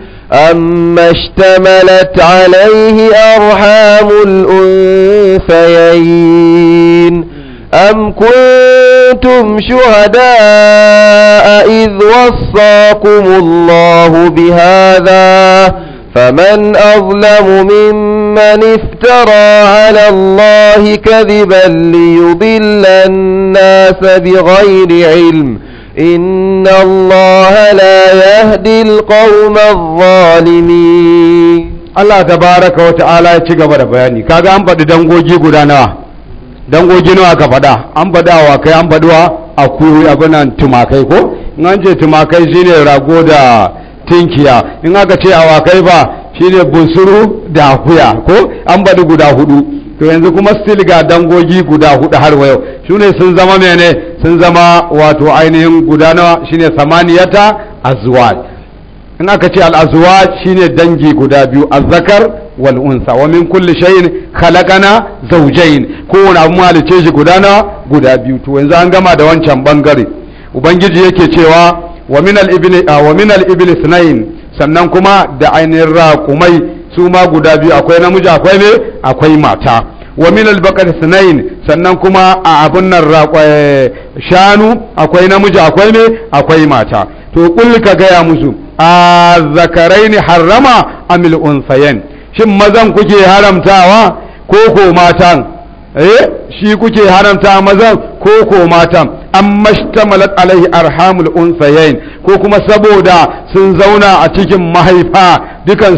أما اشتملت عليه أرحام الأنفيين أم كنت كنتم شهداء إذ وصاكم الله بهذا فمن أظلم ممن افترى على الله كذبا ليضل الناس بغير علم إن الله لا يهدي القوم الظالمين Allah tabaraka wa ta'ala ya ci gaba da bayani kaga an faɗi dangogi guda nawa dangogi nawa ka faɗa an faɗa wa kai an baduwa a kuyi abinan tumakai ko in an ce tumakai shine rago da tinkiya in aka ce awakai ba shine busuru da akuya ko an badu guda hudu to yanzu kuma still ga dangogi guda hudu har wayo shine sun zama mene sun zama wato ainihin guda nawa shine samaniyata azwaj in aka ce al'azuwa azwaj shine dangi guda biyu zakar. wal unsa wa min kulli shay'in khalaqana zawjayn kowane abu halice shi gudana guda biyu to yanzu an gama da wancan bangare ubangiji yake cewa wa min al ibni wa ibli sannan kuma da ainihin raqumai su ma guda biyu akwai namiji akwai me akwai mata wa min al baqar thnayn sannan kuma a abun nan eh, shanu akwai namiji akwai me akwai mata to kulli ka gaya musu a zakaraini harrama amil unsayen shin mazan kuke haramtawa ko ko matan eh shi kuke haramta mazan ko ko matan amma shtamalat alaihi arhamul unsayain ko kuma saboda sun zauna a cikin mahaifa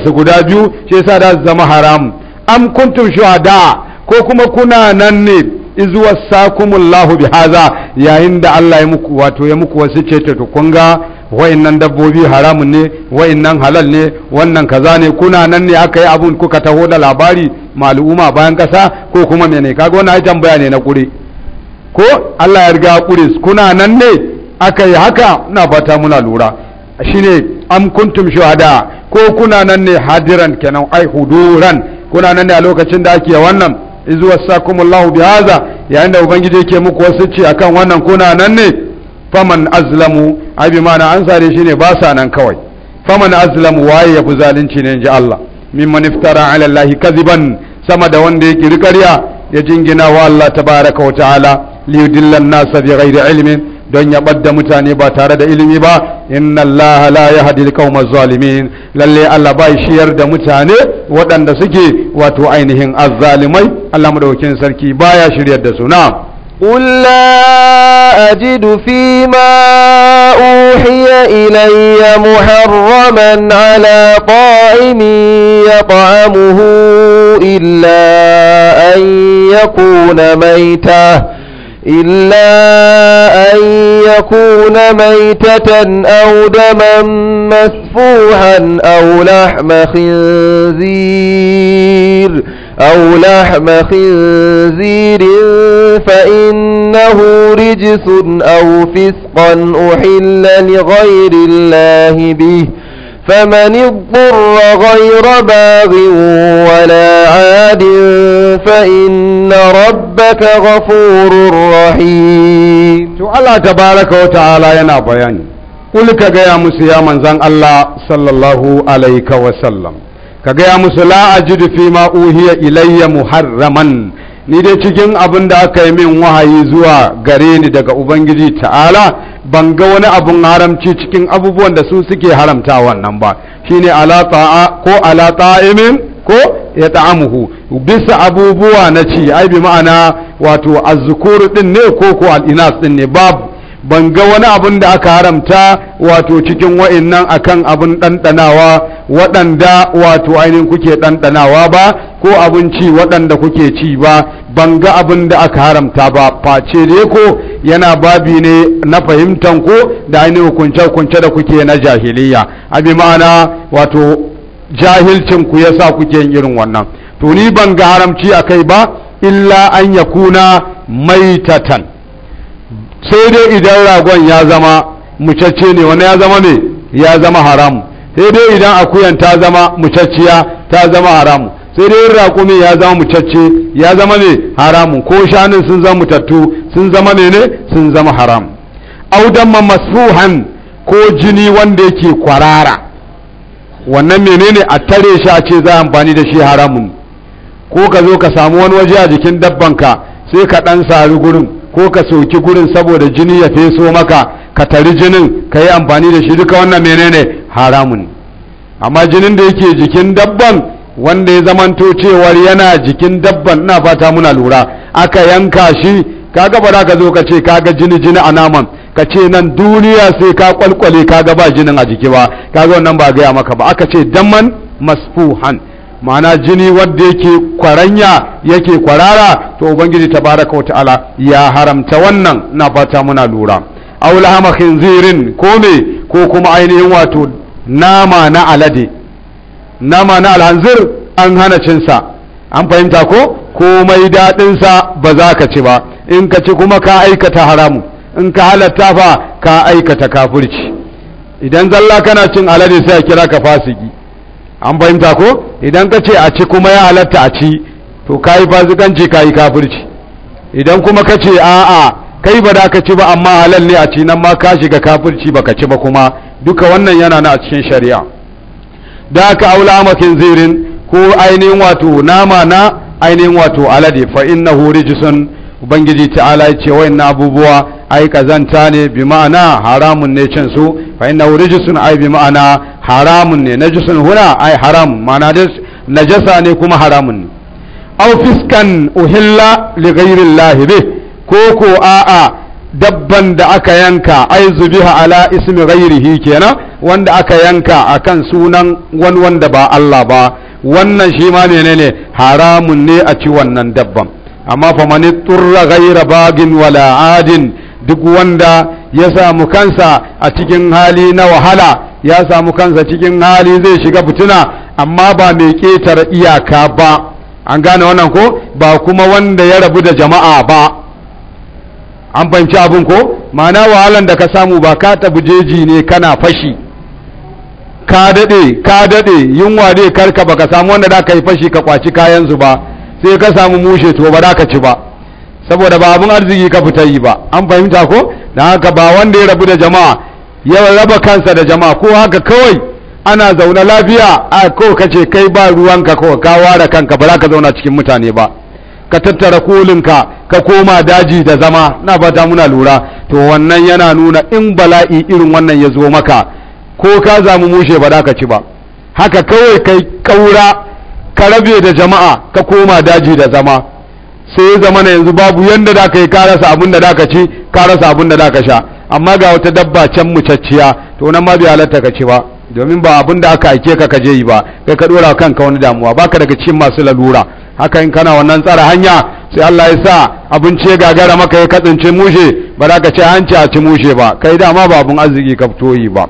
su guda biyu shi yasa da zama haram am kuntum shuhada ko kuma kuna nan ne izuwa sakumullahu bihaza yayin da Allah ya muku wato ya muku wasu ce ta kun ga wa'annan dabbobi haramun ne wa'annan halal ne wannan kaza ne kuna nan ne aka yi abun kuka taho da labari maluma bayan kasa ko kuma mene kaga wannan ai tambaya ne na kure ko Allah ya riga kure kuna nan ne aka yi haka na bata muna lura shine am kuntum shuhada ko kuna nan ne hadiran kenan ai huduran kuna nan ne a lokacin da ake wannan izuwa sakumullahu bihaza yayin da ubangiji yake muku wasu ce akan wannan kuna nan ne faman azlamu ai bi an sare shi ne ba sa nan kawai faman azlamu waye ya fi zalunci ne ji Allah mimman iftara ala Allah kaziban sama da wanda yake rikariya ya jingina wa Allah tabaraka wa ta'ala li yudilla an-nasa bi ghairi ilmin don ya badda mutane ba tare da ilimi ba inna Allah la yahdi al-qauma zalimin lalle Allah ba shiyar da mutane waɗanda suke wato ainihin azzalimai Allah madaukakin sarki baya shiryar da su na'am قل لا أجد فيما أوحي إلي محرما على طائم يطعمه إلا أن يكون ميتا إلا أن يكون ميتة أو دما مسفوحا أو لحم خنزير أو لحم خنزير فإنه رجس أو فسقا أحل لغير الله به فمن اضطر غير باغ ولا عاد فإن ربك غفور رحيم الله تبارك وتعالى ينا بياني قل كجا يا مسيا من زن الله صلى الله عليه وسلم ka gaya musu la ajidu fi ma uhiya ilayya muharraman ni dai cikin abin da aka yi min wahayi zuwa gare ni daga ubangiji ta'ala ban ga wani abun haramci cikin abubuwan da su suke haramta wannan ba shine ala ta'a ko ala ta'imin ko ya ta'amuhu bisa abubuwa na ci ai bi ma'ana wato azkuru din ne ko ko al'inas din ne babu ban ga wani abin da aka haramta wato cikin wa'innan akan abin ɗanɗanawa waɗanda wato ainihin kuke ɗanɗanawa ba ko abinci waɗanda kuke ci ba ban ga abin da aka haramta ba face dai ko yana babi ne na fahimtan ko da ainihin hukunce-hukunce da kuke na jahiliya bi ma'ana wato jahilcin ku sa kuke yin irin wannan to ni ban ga haramci a kai ba illa an yakuna maitatan sai dai idan ragon ya zama mucacce ne wani ya zama ne ya zama haramu sai dai idan akuyan ta zama mucacciya ta zama haramu sai dai raƙumi ya zama mucacce ya zama ne haram ko shanun sun zama mutattu sun zama ne ne sun zama haram audan mamasuhan ko jini wanda yake kwarara wannan menene a tare shi a ce za a amfani da shi haramun ko ka zo ka samu wani waje a jikin dabbanka sai ka ɗan sari gurin ko ka soki gurin saboda jini ya feso maka ka tari jinin ka yi amfani da shi duka wannan menene haramun amma jinin da yake jikin dabban wanda ya zamanto cewar yana jikin dabban ina fata muna lura aka yanka shi kaga ba za ka zo ka ce kaga jini jini a naman ka ce nan duniya sai ka kwalkwale kaga ba jinin a jiki ba kaga wannan ba gaya maka ba aka ce daman masfuhan ma'ana jini wanda yake kwaranya yake kwarara to ubangiji tabaraka ta'ala ya haramta wannan na fata muna lura aw lahama khinzirin ko me ko kuma ainihin wato nama na alade nama na alhanzir an hana cinsa an fahimta ko komai daɗinsa ba za ka ci ba in ka ci kuma ka aikata haramu in ka halatta fa ka aikata kafirci idan zalla kana cin alade sai kira ka fasiki an fahimta ko idan ka ce a ci kuma ya halatta a ci to ka yi fasikanci ka yi kafirci idan kuma ka ce a'a kai ba da ka ci ba amma halal ne a ci nan ma ka shiga kafirci ba ka ci ba kuma duka wannan yana na a cikin shari'a da aka aula amakin zirin ko ainihin wato nama na ainihin wato alade fa innahu rijsun ubangiji ta'ala ya ce wayannan abubuwa ai kazanta ne bi ma'ana haramun ne cin su fa inna rijsun ai bi ma'ana haramun ne najisun huna ai haram ma'ana najasa ne kuma haramun ne aw fiskan uhilla li llahi bi ko ko a'a dabban da aka yanka ai zubiha ala ismi ghayrihi kenan wanda aka yanka akan sunan wani wanda ba Allah ba wannan shi ma menene haramun ne a ci wannan dabban amma fa mani turra bagin wala adin duk wanda ya samu kansa a cikin hali na wahala ya samu kansa cikin hali zai shiga fitina amma ba mai ƙetare iyaka ba an gane wannan ko ba kuma wanda ya rabu da jama'a ba an banci abin ko ma'ana wahalan da ka samu ba ka tabi jeji ne kana fashi ka daɗe ka daɗe yunwa dai karka baka samu wanda da ka yi fashi ka kwaci kayan ba sai ka samu mushe to ba da ka ci ba saboda ba abin arziki ka fita yi ba an fahimta ko da haka ba wanda ya rabu da jama'a ya raba kansa da jama'a ko haka kawai ana zauna lafiya a ko ka ce kai ba ruwanka ko ka ware kanka ba za ka zauna cikin mutane ba ka tattara kolinka ka koma daji da zama na fata muna lura to wannan yana nuna in bala'i irin wannan ya zo maka ko ka zamu mushe ba za ka ci ba haka kawai kai kaura ka rabe da jama'a ka koma daji da zama sai ya zama na yanzu babu yadda da ka yi ka da ka ci ka rasa abin da ka sha amma ga wata dabba can mucacciya to nan ma bai halatta ka ci ba domin ba abin da aka aike ka ka je yi ba kai ka dora kanka wani damuwa baka daga cikin masu lalura haka in kana wannan tsara hanya sai Allah ya sa abinci ya gagara maka ya katsince mushe ba za ka ci hanci a ci mushe ba kai dama ba abin arziki ka fito yi ba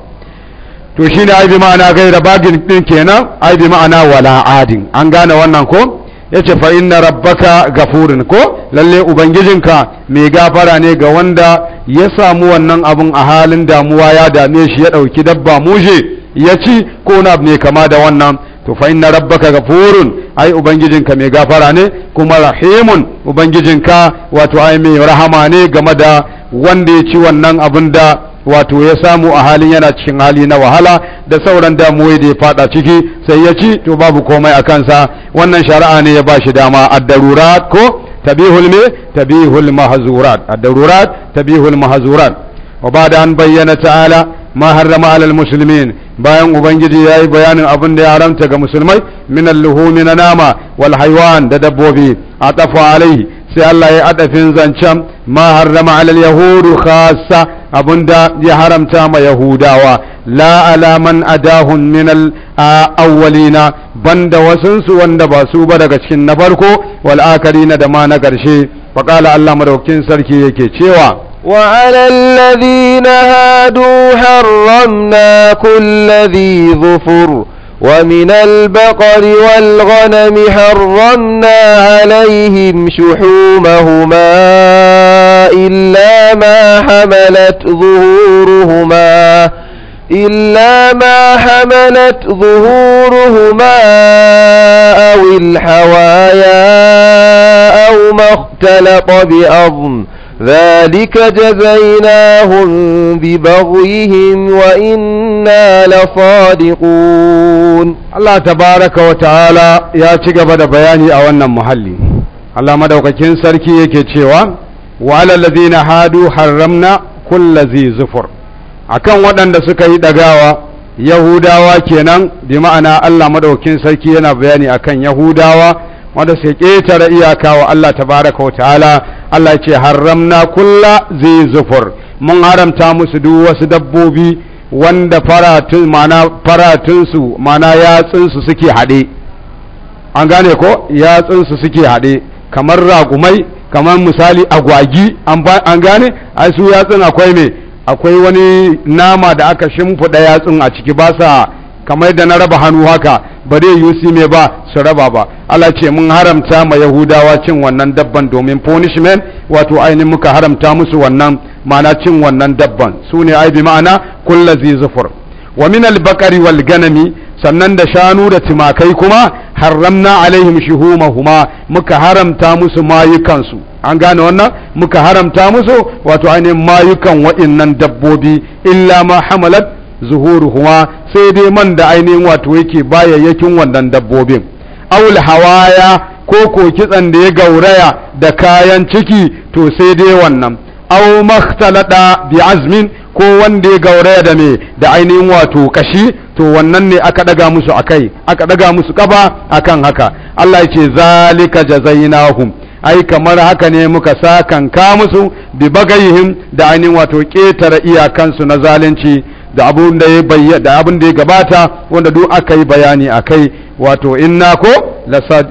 to shine ai bi ma'ana kai da bagin din kenan ai bi ma'ana wala adin an gane wannan ko ya ce fa inna rabbaka gafurin ko lalle ubangijinka mai gafara ne ga wanda ya samu wannan abin a halin damuwa ya dame shi ya ɗauki dabba mushe ya ci ko na ne kama da wannan to fa inna rabbaka gafurun ai ubangijinka mai gafara ne kuma rahimun ubangijinka wato ai mai rahama ne game da wanda ya ci wannan abin da wato ya samu a halin yana cikin hali na wahala da sauran damuwai da ya fada ciki sai ya ci to babu komai a kansa wannan shari'a ne ya bashi dama ad-darurat ko tabihul me tabihul mahzurat ad-darurat tabihul mahzurat wa ba'da an bayyana ta'ala ma harrama alal muslimin bayan ubangiji yayi bayanin abin da ya haramta ga musulmai min al-luhumi na nama wal haywan da dabbobi a alaihi sai Allah ya adafin zancen ma harrama alal yahudu khassa abun da ya haramta ma yahudawa la alaman man adahum awwalina banda wasunsu wanda ba su ba daga cikin na farko wal akarina da ma na karshe faƙala Allah madaukin sarki yake cewa وعلى الذين هادوا حرمنا كل ذي ظفر ومن البقر والغنم حرمنا عليهم شحومهما إلا ما حملت ظهورهما إلا ما حملت ظهورهما أو الحوايا أو ما اختلط بأظم ذلك جزيناهم ببغيهم وإنا لصادقون da تبارك وتعالى يا تجب هذا بياني أو أن محلي الله ما دوك كين سركي كتشوا وعلى الذين هادوا حرمنا كل ذي زفر akan waɗanda suka yi ɗagawa yahudawa kenan bi ma'ana Allah madaukin sarki yana bayani akan yahudawa wanda suka ƙetare iyakawa Allah tabaraka wa ta'ala Allah ce haramna kulla zai zufur mun haramta musu duk wasu dabbobi wanda faratun mana faratunsu mana yatsunsu suke haɗe an gane ko yatsunsu suke haɗe kamar ragumai kamar misali agwagi an gane ai su yatsun akwai me akwai wani nama da aka shimfiɗa yatsun a ciki ba sa kamar da na raba hannu haka ba dai yusi me ba su raba ba Allah ce mun haramta ma yahudawa cin wannan dabban domin punishment wato ainihin muka haramta musu wannan ma'ana cin wannan dabban su ne ai bi ma'ana kullazi zufur wa min al wal ganami sannan da shanu da timakai kuma haramna alaihim shuhumahuma muka haramta musu mayukansu an gane wannan muka haramta musu wato ainihin mayukan waɗannan dabbobi illa ma hamalat Zuhuru, huwa sai dai man da ainihin wato yake bayayyakin wannan dabbobin aul hawaya ko ko kitsan da ya gauraya da kayan ciki to sai dai wannan aw makhtalada bi azmin ko wanda ya gauraya da me da ainihin wato kashi to wannan ne aka daga musu akai aka daga musu kafa akan haka Allah ya ce zalika jazainahum ai kamar haka ne muka sakanka musu bi bagayihim da ainihin wato ƙetare iyakansu na zalunci da abun da ya bayyana da abun da ya gabata wanda duk aka yi bayani akai wato inna ko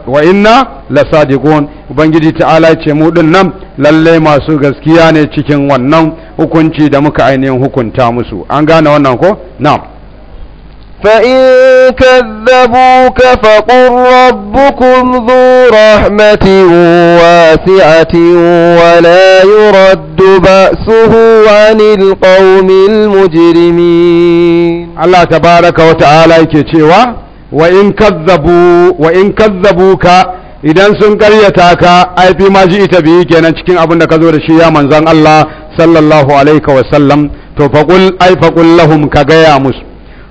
wa inna lasadiqun ubangiji ta'ala ce mu din nan lalle masu gaskiya ne cikin wannan hukunci da muka ainihin hukunta musu an gane wannan ko na'am فإن كذبوك فقل ربكم ذو رحمة واسعة ولا يرد بأسه عن القوم المجرمين الله تبارك وتعالى يكتشوا وإن كذبوا وإن كذبوك idan sun karyata ka ai fi ma ji ita biyu kenan cikin abin da ka zo da shi ya manzon Allah sallallahu alaihi wa sallam to faqul ai faqul lahum ka gaya musu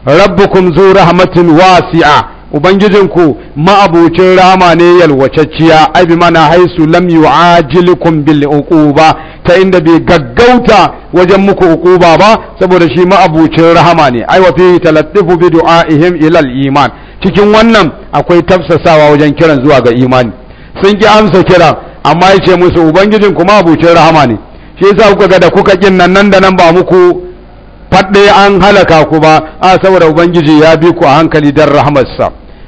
rabbukum zu rahmatin wasi'a ubangijinku ma'abucin rama ne yalwacacciya ai bi mana haisu lam yu'ajilukum bil uquba ta inda bai gaggauta wajen muku uquba ba saboda shi ma'abucin rahama ne ai wa fi talattifu bi du'aihim ila al iman cikin wannan akwai tafsasawa wajen kiran zuwa ga imani sun ki amsa kira amma yace musu ubangijinku ma'abucin rahama ne shi yasa kuka ga da kuka kin nan nan da nan ba muku faɗe an halaka ba a saboda ubangiji ya bi ku a hankali dan rahamarsa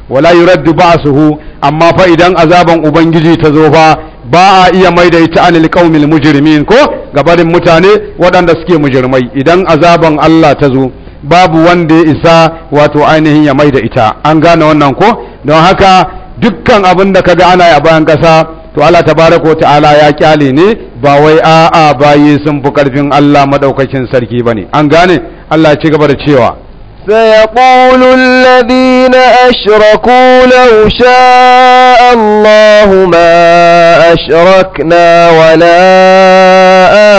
wala yuraddu ba'suhu amma fa idan azaban ubangiji ta zo fa ba a iya mai da ita anil qaumil mujrimin ko gabarin mutane waɗanda suke mujrimai idan azaban Allah ta zo babu wanda ya isa wato ainihin ya mai da ita an gane wannan ko don haka dukkan abin da kaga ana a bayan ƙasa to Allah barako ta'ala ya kyale ne ba wai a'a bayi sun fi karfin Allah madaukakin sarki bane an gane Allah ci gaba da cewa سيقول الذين أشركوا لو شاء الله ما أشركنا ولا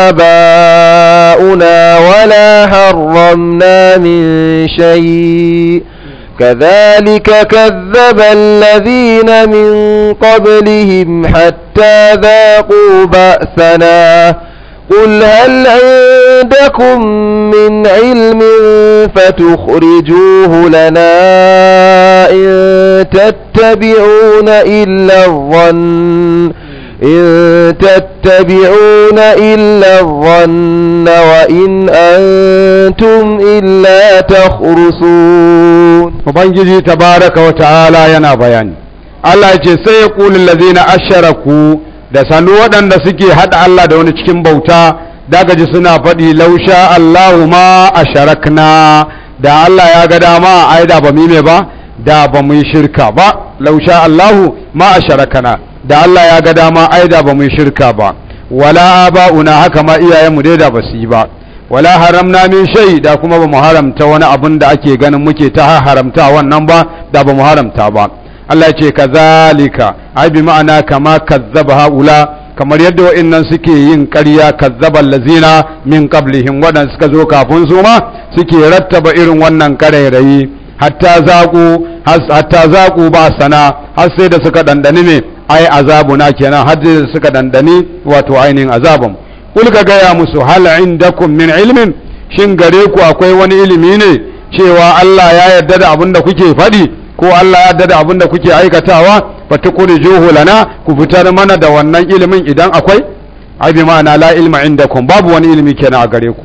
آباؤنا ولا حرمنا من شيء كذلك كذب الذين من قبلهم حتى ذاقوا بأسنا قل هل عندكم من علم فتخرجوه لنا إن تتبعون إلا الظن إن تتبعون إلا الظن وإن أنتم إلا تخرصون baraka تبارك وتعالى ينا بياني Allah ce sai ya kulin lazina asharaku da sanu waɗanda suke haɗa Allah da wani cikin bauta daga ji suna faɗi lausha Allahu ma asharakna da Allah ya ga dama a da ba mime ba da ba mu shirka ba lausha Allahu ma a sharakana da Allah ya ga dama ai da ba mu yi shirka ba wala una haka ma iyayenmu dai da ba su yi ba wala haramna min shay da kuma ba mu haramta wani abin da ake ganin muke ta haramta wannan ba da ba mu haramta ba Allah ce kazalika ai bi ma'ana kama kazzaba haula kamar yadda wa'annan suke yin ƙarya kazzabal lazina min qablihim wadan suka zo kafin su ma suke rattaba irin wannan karairayi hatta zaƙu hatta zaƙu ba sana har sai da suka dandani me ai azabu na kenan har sai da suka dandani wato ainihin azabun kul ka gaya musu hal indakum min ilmin shin gare ku akwai wani ilimi ne cewa Allah ya yarda da abin da kuke faɗi ko Allah ya yarda da abin da kuke aikatawa fatukhrijuhu lana ku fitar mana da wannan ilimin idan akwai ai bi ma'ana la ilma indakum babu wani ilimi kenan a gare ku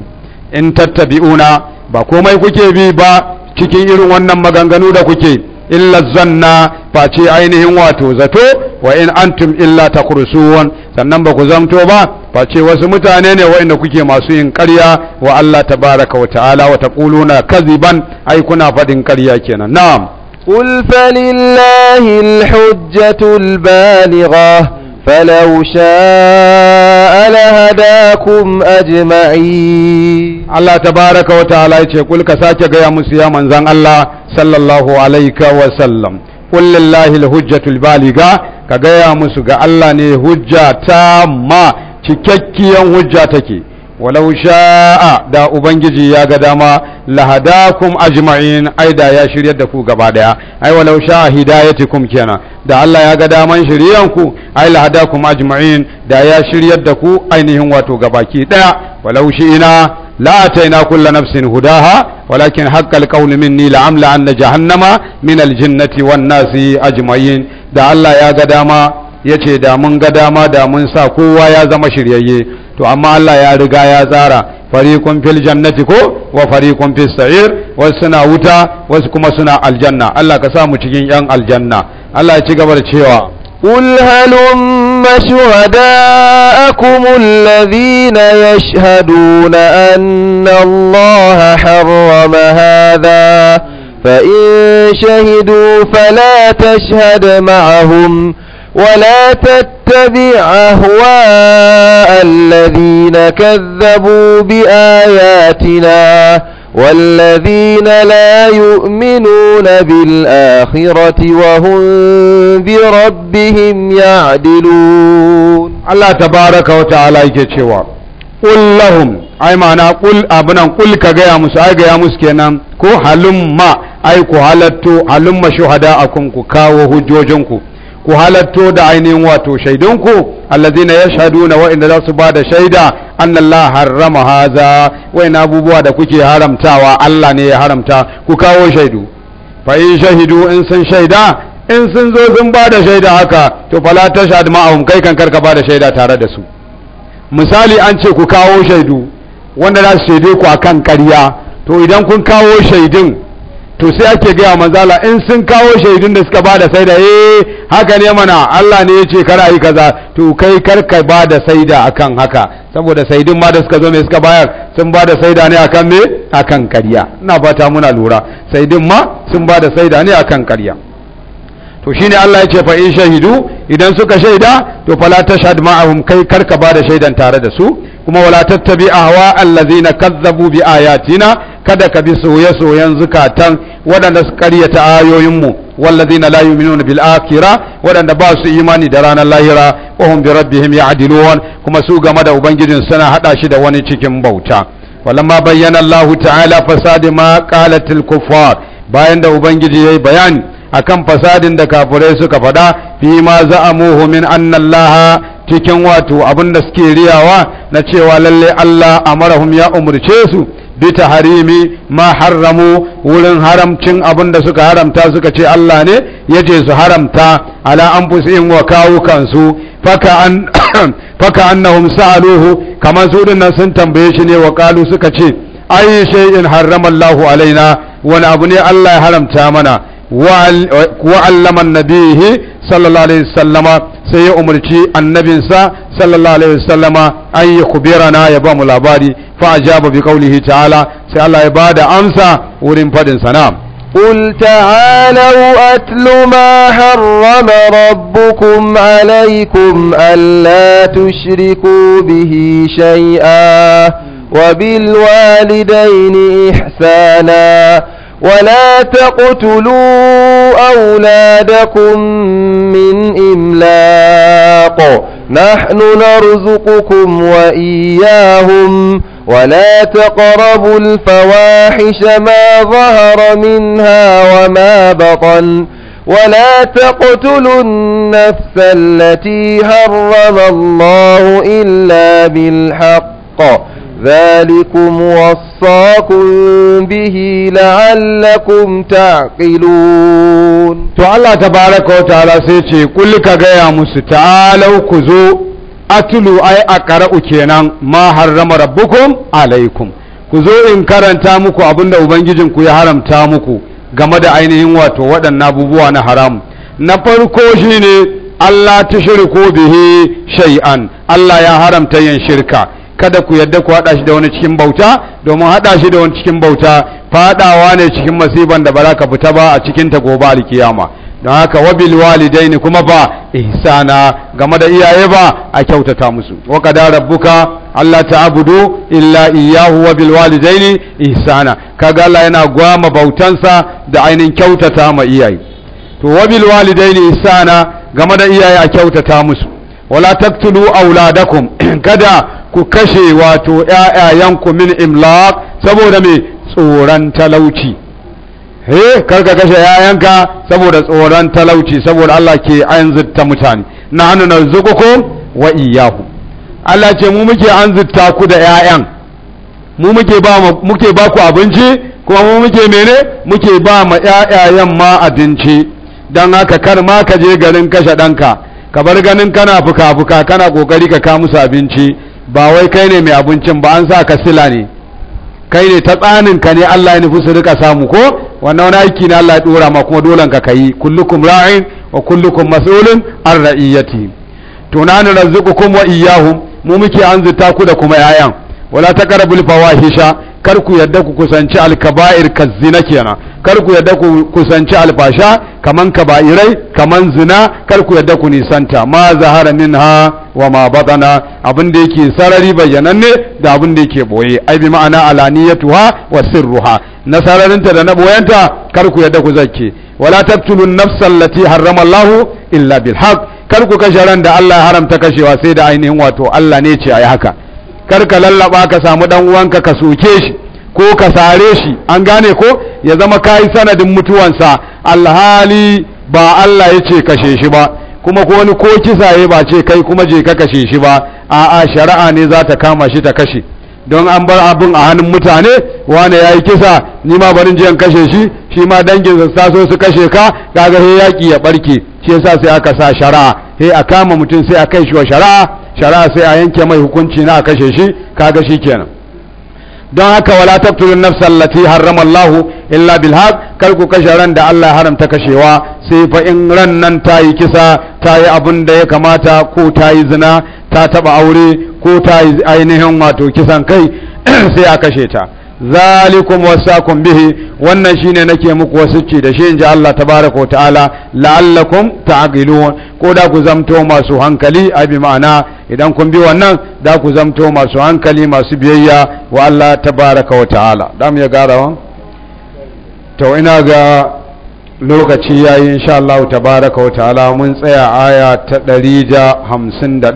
in tattabi'una ba komai kuke bi ba cikin irin wannan maganganu da kuke illa zanna face ainihin wato zato wa in antum illa takursuwan sannan ba ku zamto ba face wasu mutane ne wa'inda kuke masu yin ƙarya wa Allah tabaraka wa ta'ala wa taquluna kaziban ai kuna faɗin ƙarya kenan na'am qul falillahi alhujjatul baligha فلو شاء لهداكم أجمعين الله تبارك وتعالى يقول كساك يا مسيا من زان الله صلى الله عليك وسلم قل لله الحجة البالغة كغيا مسوغا الله ني حجة تامة cikakkiyar hujja تكي ولو شاء دا ubangiji يا ga lahadakum ajma'in da ya shiryar da ku gaba daya ai walau sha hidayatikum kenan da Allah ya ga daman shiryan ku ai lahadakum ajma'in da ya shiryar da ku ainihin wato gabaki daya walau ina la ataina kullu nafsin hudaha walakin haqqal qawlu minni la'amla anna jahannama min aljinnati wan nasi ajma'in da Allah ya ga dama yace da mun ga dama da mun sa kowa ya zama shiryayye to amma Allah ya riga ya tsara fariqun fil jannati ko wa fariqun fis sa'ir wasu suna wuta wasu kuma suna aljanna Allah ka samu cikin yan aljanna Allah ya ci gaba da cewa qul halumma shuhada'akum alladhina yashhaduna anna Allah harrama fa in shahidu fala tashhad ma'hum ma ولا تتبع أهواء الذين كذبوا بآياتنا والذين لا يؤمنون بالآخرة وهم بربهم يعدلون الله تبارك وتعالى يجتشوا قل لهم أي معنى قل أبنا قل كغيا مسعي غيا مسكنا كو هلما أي كو هلتو هلما شهداءكم كو كاو هجوجنكم ku halatto da ainihin wato shaidunku allazina yashhaduna wa inda za su ba da shaida annallaha harrama haza wayan abubuwa da kuke haramtawa Allah ne ya haramta ku kawo shaidu fa in shahidu in sun shaida in sun zo sun ba da shaida haka to fala tashhad ma'ahum kai kan karka ba da shaida tare da su misali an ce ku kawo shaidu wanda za su shaide ku akan ƙarya to idan kun kawo shaidun to sai ake gaya manzala in sun kawo shaidun da suka ba sai da eh haka ne mana Allah ne ya ce kar yi kaza to kai kar ba da saida akan haka saboda saidin ma da suka zo mai suka bayar sun ba da saida ne akan me akan karya ina fata muna lura saidin ma sun ba da saida ne akan karya to shine Allah ya ce fa in shahidu idan suka shaida to fala tashhad ma'ahum kai kar ba da shaidan tare da su kuma wala tattabi ahwa allazina kazzabu bi ayatina kada ka bi soye-soyen zukatan waɗanda su karyata ayoyinmu wallazina la yu'minuna bil akira waɗanda ba su imani da ranar lahira wa hum bi rabbihim ya'dilun kuma su game da ubangijin suna haɗa shi da wani cikin bauta walamma bayyana Allah ta'ala fasadi ma qalatil bayan da ubangiji yayi bayani akan fasadin da kafirai suka faɗa fi ma za'amuhu min anna Allah cikin wato abin da suke riyawa na cewa lalle Allah amarahum ya umurce su bita harimi ma haramu wurin haramcin abin da suka haramta suka ce Allah ne yace su haramta ala anfusihim wa kawukansu faka an (coughs) faka annahum aluhu kamar su dinnan sun tambaye shi ne wa suka ce ayi shay'in harrama Allahu alaina wani abu ne Allah ya haramta mana wa allama nabihi sallallahu alaihi wasallama sai ya umarci annabinsa sallallahu alaihi wasallama an yi kubirana ya bamu labari fa babi bi qaulihi ta'ala sai Allah ya da amsa wurin fadin sana قل تعالوا أتل ما حرم ربكم عليكم ألا تشركوا به شيئا وبالوالدين إحسانا ولا تقتلوا أولادكم من إملاق نحن نرزقكم وإياهم ولا تقربوا الفواحش ما ظهر منها وما بطن ولا تقتلوا النفس التي هرم الله إلا بالحق ذلكم وصاكم به لعلكم تعقلون تو الله تبارك وتعالى سيتي قل كغيا مس تعالوا كزو اتلو اي أقرأ كينان ما حرم ربكم عليكم كزو إن كرنتا مكو أبن أبنججن كو يحرم تامكو game da ainihin wato waɗannan abubuwa na haram na farko shine Allah ta shirko bihi shay'an Allah ya haramta yin shirka kada ku yadda ku haɗa shi da wani cikin bauta domin haɗa shi da wani cikin bauta faɗawa ne cikin masiban da ba za ka fita ba a cikin ta gobe alkiyama don haka wabil ne kuma ba ihsana game da iyaye ba a kyautata musu wa kada rabbuka allah ta'budu illa iyyahu wa bil walidaini ihsana kaga Allah yana gwama bautansa da ainin kyautata ma iyaye to wa bil walidaini ihsana game da iyaye a kyautata musu wala taktulu auladakum (clears throat) kada ku kashe wato ‘ya'yayanku min imlaq saboda mai tsoron talauci he eh, karka kashe ‘ya'yanka saboda tsoron talauci saboda Allah ke an zitta mutane na hannu na zukuku wa iyahu Allah ce mu muke an zitta ku da ‘ya'yan mu muke ba ku abinci kuma mu muke mene muke ba ma ‘ya'yayan ma abinci don haka kar ma ka je garin kashe ɗanka ka bar ganin kana fuka-fuka kana ƙoƙari ka kamusa musu abinci ba wai kai ne mai abincin ba an sa ka sila ne kai ne ta tsanin ka ne Allah ya nufi su rika samu ko wannan wani aiki ne Allah ya dora ma kuma dolan ka kai kullukum ra'in wa kullukum mas'ulun an ra'iyati to na ni wa iyyahum mu muke anzuta ku da kuma yayan wala taqrabul fawahisha kar ku yadda ku kusanci al-kaba'ir kazzina kenan kar ku yadda ku kusanci alfasha kaman kaba'irai kaman zina kar ku yadda ku nisanta ma zahara minha wa ma batana abin da yake sarari bayyananne da abin da yake boye ai bi ma'ana alaniyatuha wa sirruha na sararinta da na boyanta kar ku yadda ku zakke wala taqtulun nafsal lati harrama Allah illa bil haqq kar ku kashe ran da Allah ya haramta kashewa sai da ainihin wato Allah ne ce ayi haka kar ka lallaba ka samu dan uwanka ka soke shi ko ka sare shi an gane ko ya zama kayi sanadin mutuwansa alhali ba Allah ya ce kashe shi ba kuma ko wani ko kisaye ba ce kai kuma je ka kashe shi ba a'a shari'a ne za ta kama shi ta kashe don an bar abin a hannun mutane wani ya yi kisa ni ma barin jiyan kashe shi shi ma dangin sa so su kashe ka kaga sai yaƙi ya barke shi yasa sai aka sa shari'a sai a kama mutum sai a kai shi wa shari'a shari'a sai a yanke mai hukunci na a kashe shi kaga shi kenan don haka wala taqtulun nafsa allati harrama illa bilhak kar ku kashe ran da Allah ya haramta kashewa sai fa in ran nan ta yi kisa ta yi abin da ya kamata ko ta yi zina ta taba aure ko ta yi ainihin wato kisan kai (clears throat) sai a kashe ta zalikum wasakum bihi wannan shine nake muku wasuci da shi inji Allah tabaaraka wa ta'ala la'allakum ta'qilun ko da ku zamto masu hankali abi ma'ana idan kun bi wannan da ku zamto masu hankali masu biyayya wa Allah tabaaraka wa ta'ala da mu ya garawa to ina ga lokaci yayi insha Allah tabaaraka wa ta'ala mun tsaya aya ta 151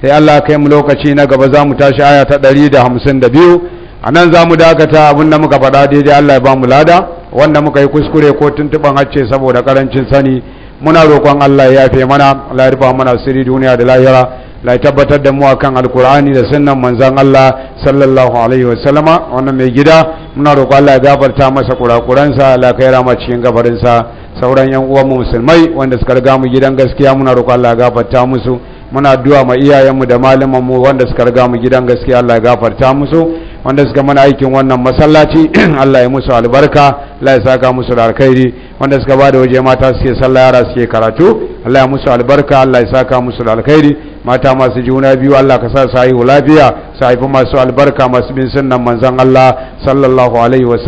sai Allah kai mu lokaci na gaba za mu tashi aya ta 152 a nan za mu dakata abinda muka faɗa daidai Allah ya ba mu lada wanda muka yi kuskure ko tuntuɓan hacce saboda karancin sani muna roƙon Allah ya yafe mana Allah ya rufa mana sirri duniya da lahira la tabbatar da mu akan alkur'ani da sunnan manzon Allah sallallahu alaihi wa sallama wannan mai gida muna roƙon Allah ya gafarta masa kurakuransa Allah kai rama cikin gabarinsa sauran yan uwan mu musulmai wanda suka riga mu gidan gaskiya muna roƙon Allah ya gafarta musu muna duwa ma iyayenmu da malamanmu wanda suka riga mu gidan gaske Allah ya gafarta musu wanda suka mana aikin wannan masallaci (clears throat) Allah ya musu albarka Allah ya saka musu da alkhairi wanda suka ba da waje mata suke sallah yara suke karatu Allah ya musu albarka Allah ya saka musu da alkhairi mata masu juna biyu Allah ka sa su haihu lafiya sahibi masu albarka masu bin sunnan manzan Allah sallallahu alaihi wa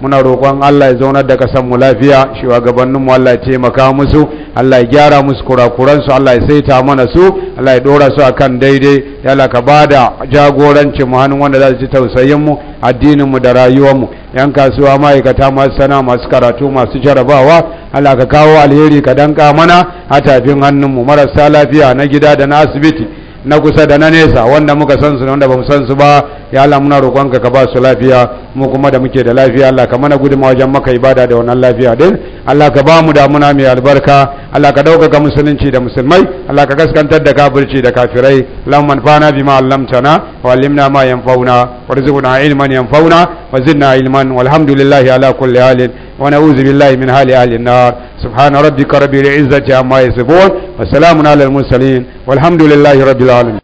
muna roƙon Allah ya zaunar da kasan mu lafiya shugabannin mu Allah ya taimaka musu Allah ya gyara musu kurakuran su Allah ya saita mana su Allah ya dora su akan daidai ya Allah ka bada jagorancin mu hannun wanda za su ji tausayin mu addinin mu da rayuwar mu yan kasuwa ma'aikata masu sana masu karatu masu jarabawa Allah ka kawo alheri ka danka mana a tafin hannun mu marasa lafiya na gida da na asibiti na kusa da na nesa wanda muka san su da wanda mu san su ba ya Allah muna roƙonka ka ba su lafiya mu kuma da muke da lafiya Allah ka mana gudunma wajen maka ibada da wannan lafiya din Allah ka ba mu damuna mai albarka Allah ka ɗaukaka musulunci da musulmai Allah ka gaskantar da kafirci da kafirai Allahumma anfa'na bima 'allamtana wa 'allimna ma yanfa'una warzuqna ilman yanfa'una wa zidna ilman walhamdulillahi ala kulli halin wa na'udzu billahi min hali ahli an-nar subhana rabbika rabbil izzati amma yasifun wa salamun alal al-mursalin walhamdulillahi rabbil alamin